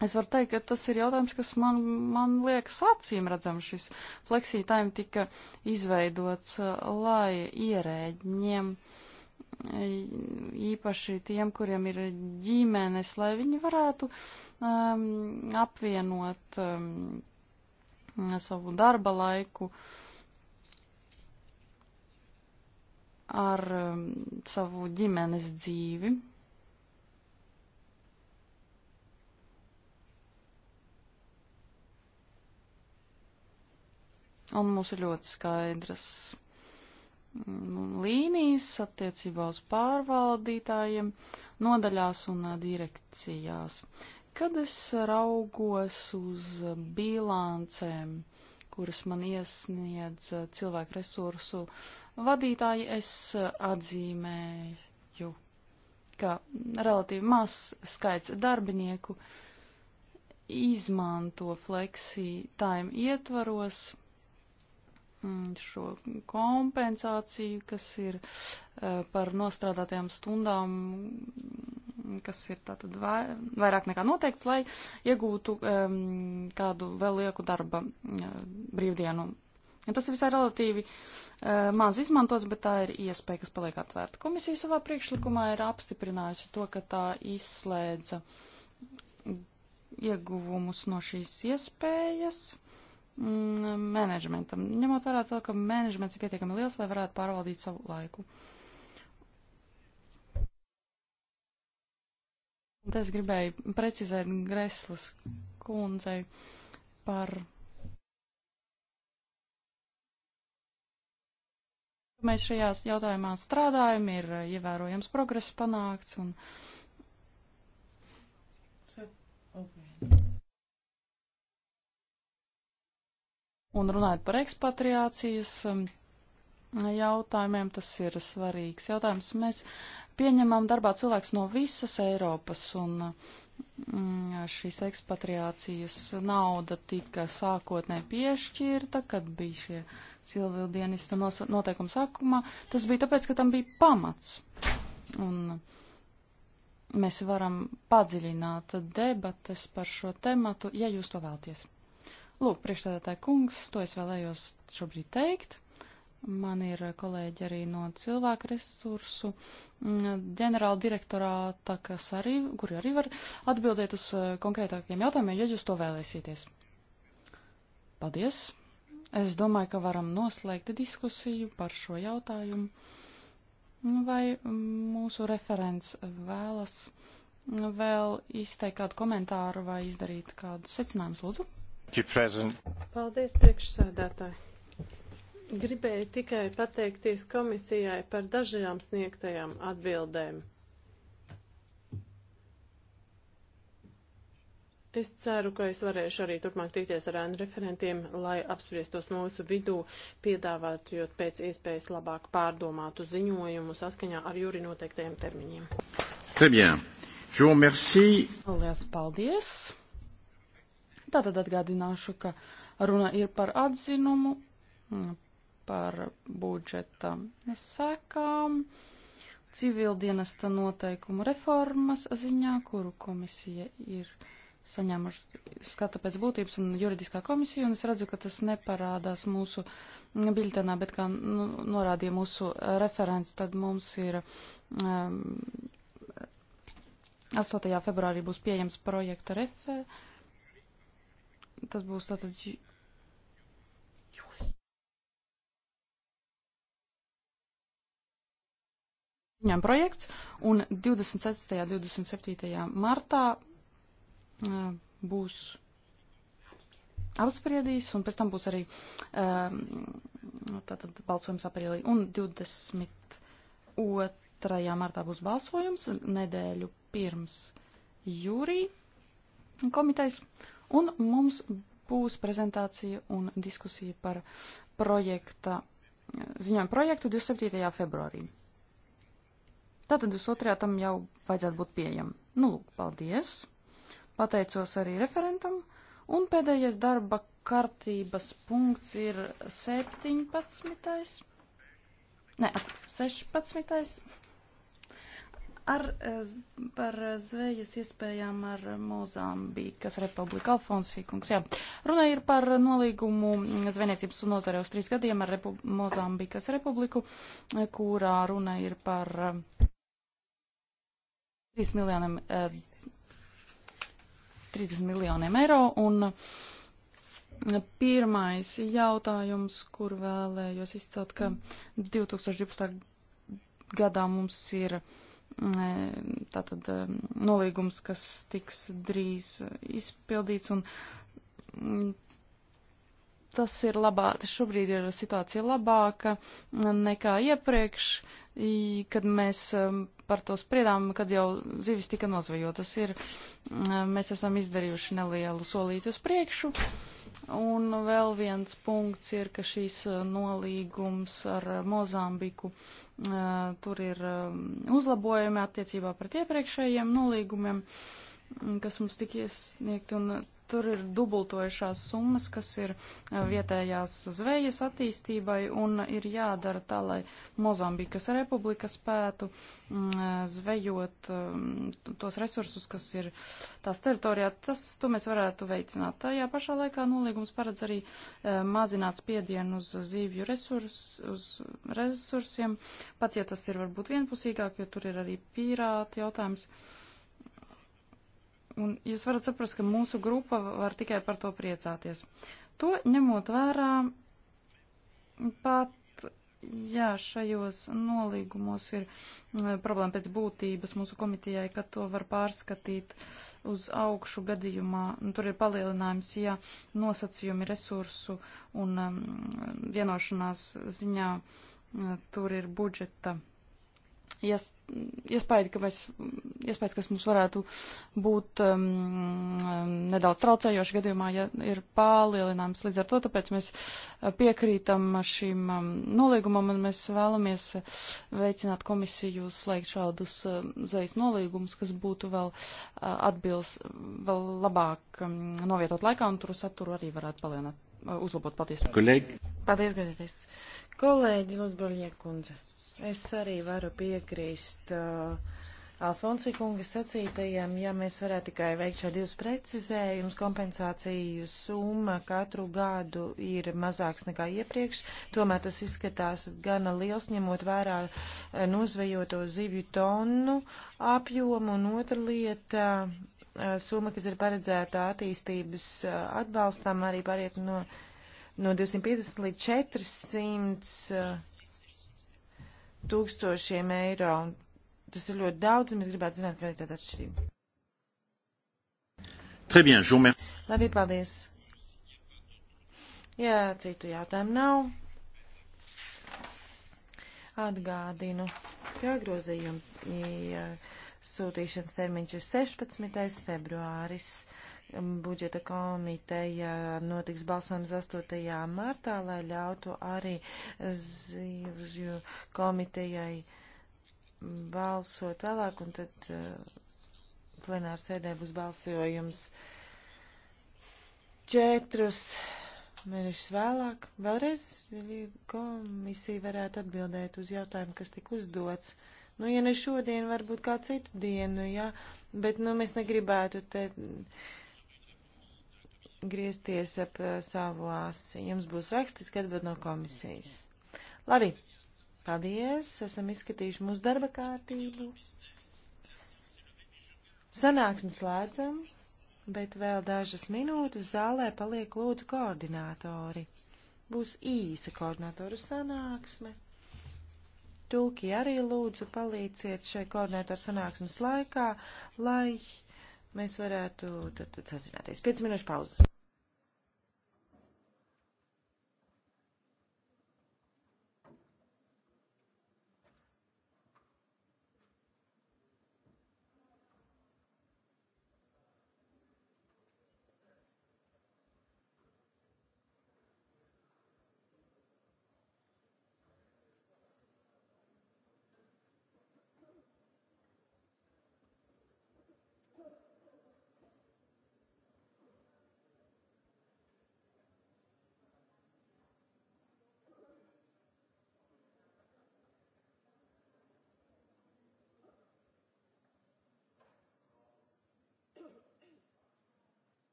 Es varu teikt, ka tas ir jautājums, kas man, man liekas acīm redzams. Šis fleksītājiem tika izveidots, uh, lai ierēģiem, īpaši tiem, kuriem ir ģimenes, lai viņi varētu um, apvienot um, savu darba laiku ar um, savu ģimenes dzīvi. Un mums ir ļoti skaidras mm, līnijas attiecībā uz pārvaldītājiem, nodaļās un direkcijās. Kad es raugos uz bilancēm, kuras man iesniedz cilvēku resursu vadītāji, es atzīmēju, ka relatīvi maz skaits darbinieku izmanto fleksī time ietvaros Mm, šo kompensāciju, kas ir eh, par nostrādātajām stundām, kas ir tātad vairāk nekā noteikts, lai iegūtu kādu vēl lieku darba eh, brīvdienu. Tas ir visai relatīvi eh, maz izmantots, bet tā ir iespēja, kas paliek atvērta. Komisija savā priekšlikumā ir apstiprinājusi to, ka tā izslēdza ieguvumus no šīs iespējas menedžmentam, mm, ņemot vērā to, ka menedžments ir pietiekami liels, lai varētu pārvaldīt savu laiku. Un es gribēju precizēt Greslas kundzei par. Mēs šajā jautājumā strādājam, ir ievērojams progress panākts un uh, Un runājot par ekspatriācijas um, jautājumiem, tas ir svarīgs jautājums. Mēs pieņemam darbā cilvēks no visas Eiropas, un mm, šīs ekspatriācijas nauda tika sākotnēji piešķirta, kad bija šie civildienista noteikuma sākumā. Tas bija tāpēc, ka tam bija pamats. Un mēs varam padziļināt debates par šo tematu, ja jūs to vēlties. Lūk, priekšstādātāja kungs, to es vēlējos šobrīd teikt. Man ir kolēģi arī no cilvēku resursu mm, ģenerāla direktorāta, kas arī, kuri arī var atbildēt uz eh, konkrētākiem jautājumiem, ja jūs to vēlēsieties. Paldies! Es domāju, ka varam noslēgt diskusiju par šo jautājumu. Vai mm, mūsu referents vēlas mm, vēl izteikt kādu komentāru vai izdarīt kādu secinājumu, lūdzu? Paldies, priekšsēdētāji. Gribēju tikai pateikties komisijai par dažajām sniegtajām atbildēm. Es ceru, ka es varēšu arī turpmāk tikties ar ēnu referentiem, lai apspriestos mūsu vidū, piedāvātu jūt pēc iespējas labāk pārdomātu ziņojumu saskaņā ar jūri noteiktajiem termiņiem. Très bien. Je vous remercie. Paldies. paldies. Tātad atgādināšu, ka runa ir par atzinumu, mm, par budžeta sekām, civildienesta noteikumu reformas ziņā, kuru komisija ir saņēmuši skata pēc būtības un juridiskā komisija, un es redzu, ka tas neparādās mūsu biļtenā, bet kā nu, norādīja mūsu referents, tad mums ir um, ehm, 8. februārī būs pieejams projekta referents Tas būs tātad. Viņam projekts un 26. un 27. martā būs apspriedīs, un pēc tam būs arī um, tātad balsojums aprīlī. Un 22. martā būs balsojums, nedēļu pirms jūrī komitejas. Un mums būs prezentācija un diskusija par projekta, ziņojumu projektu 27. februārī. Tātad uz otrajā tam jau vajadzētu būt pieejam. Nu, lūk, paldies. Pateicos arī referentam. Un pēdējais darba kārtības punkts ir 17. Nē, 16 ar, eh, par eh, zvejas iespējām ar Mozambikas republiku. Alfonsīkungs, jā. Runa ir par nolīgumu zvejniecības nozare uz trīs gadiem ar repu Mozambikas republiku, eh, kurā runa ir par 3 miljoniem, 30 miljoniem eiro. Un, Pirmais jautājums, kur vēlējos izcelt, ka 2012. gadā mums ir uh, tātad um, nolīgums, kas tiks drīz izpildīts, un mm, tas ir labāk, šobrīd ir situācija labāka nekā iepriekš, kad mēs um, par to spriedām, kad jau zivis tika nozvejotas. Ir, mm, mēs esam izdarījuši nelielu solīti uz priekšu. Uh, Un vēl viens punkts ir, ka šīs uh, nolīgums ar uh, Mozambiku uh, tur ir um, uzlabojumi attiecībā pret iepriekšējiem nolīgumiem, mm, kas mums tik iesniegt, un tur ir dubultojušās summas, kas ir vietējās zvejas attīstībai un ir jādara tā, lai Mozambikas republika spētu mm, zvejot tos resursus, kas ir tās teritorijā. Tas, to mēs varētu veicināt. Tajā pašā laikā nolīgums paredz arī mazināt spiedienu uz zīvju resurs, uz resursiem, pat ja tas ir varbūt vienpusīgāk, jo tur ir arī pirāti jautājums. Uh, Un jūs varat saprast, ka mūsu grupa var tikai par to priecāties. To ņemot vērā, pat, jā, šajos nolīgumos ir problēma pēc būtības mūsu komitijai, ka to var pārskatīt uz augšu gadījumā. Tur ir palielinājums, ja nosacījumi resursu un um, vienošanās ziņā uh, tur ir budžeta ies, iespēja, ka mēs, iespējas, kas mums varētu būt um, um nedaudz traucējoši gadījumā, ja ir pālielināms līdz ar to, tāpēc mēs piekrītam šim um, nolīgumam un mēs vēlamies veicināt komisiju slēgt šādus um, zvejas nolīgumus, kas būtu vēl uh, atbils, vēl labāk um, novietot laikā un tur saturu arī varētu palielināt, uh, uzlabot patiesību. Kolēģi. Paldies, gadieties. Kolēģi Lūdzu, Broļie kundze. Es arī varu piekrīst uh, Alfonsī kunga sacītajam, ja mēs varētu tikai veikt šādus precizējumus, kompensāciju summa katru gadu ir mazāks nekā iepriekš, tomēr tas izskatās gana liels, ņemot vērā eh, nozvejoto zivju tonu apjomu, un otra lieta, eh, summa, kas ir paredzēta attīstības eh, atbalstam, arī pāriet no, no 250 līdz 400 tūkstošiem eiro. Un tas ir ļoti daudz, un mēs gribētu zināt, kāda ir tāda atšķirība. Très bien, Žumēr. Labi, paldies. Jā, citu jautājumu nav. Atgādinu, ka grozījuma sūtīšanas termiņš ir 16. februāris budžeta komiteja notiks balsojums 8. martā, lai ļautu arī zīvju komitejai balsot vēlāk, un tad eh, plenāra sēdē būs balsojums četrus mēnešus vēlāk. Vēlreiz komisija varētu atbildēt uz jautājumu, kas tika uzdots. Nu, ja ne šodien, varbūt kā citu dienu, jā, bet, nu, mēs negribētu te. Uh, griezties ap eh, savu asi. Jums būs rakstiski atbild no komisijas. Labi, paldies, esam izskatījuši mūsu darba kārtību. Sanāksmes slēdzam, bet vēl dažas minūtes zālē paliek lūdzu koordinātori. Būs īsa koordinātoru sanāksme. Tulki arī lūdzu palīdziet šai koordinātoru sanāksmes laikā, lai mēs varētu tad, tad sazināties. 5 minūšu pauzes.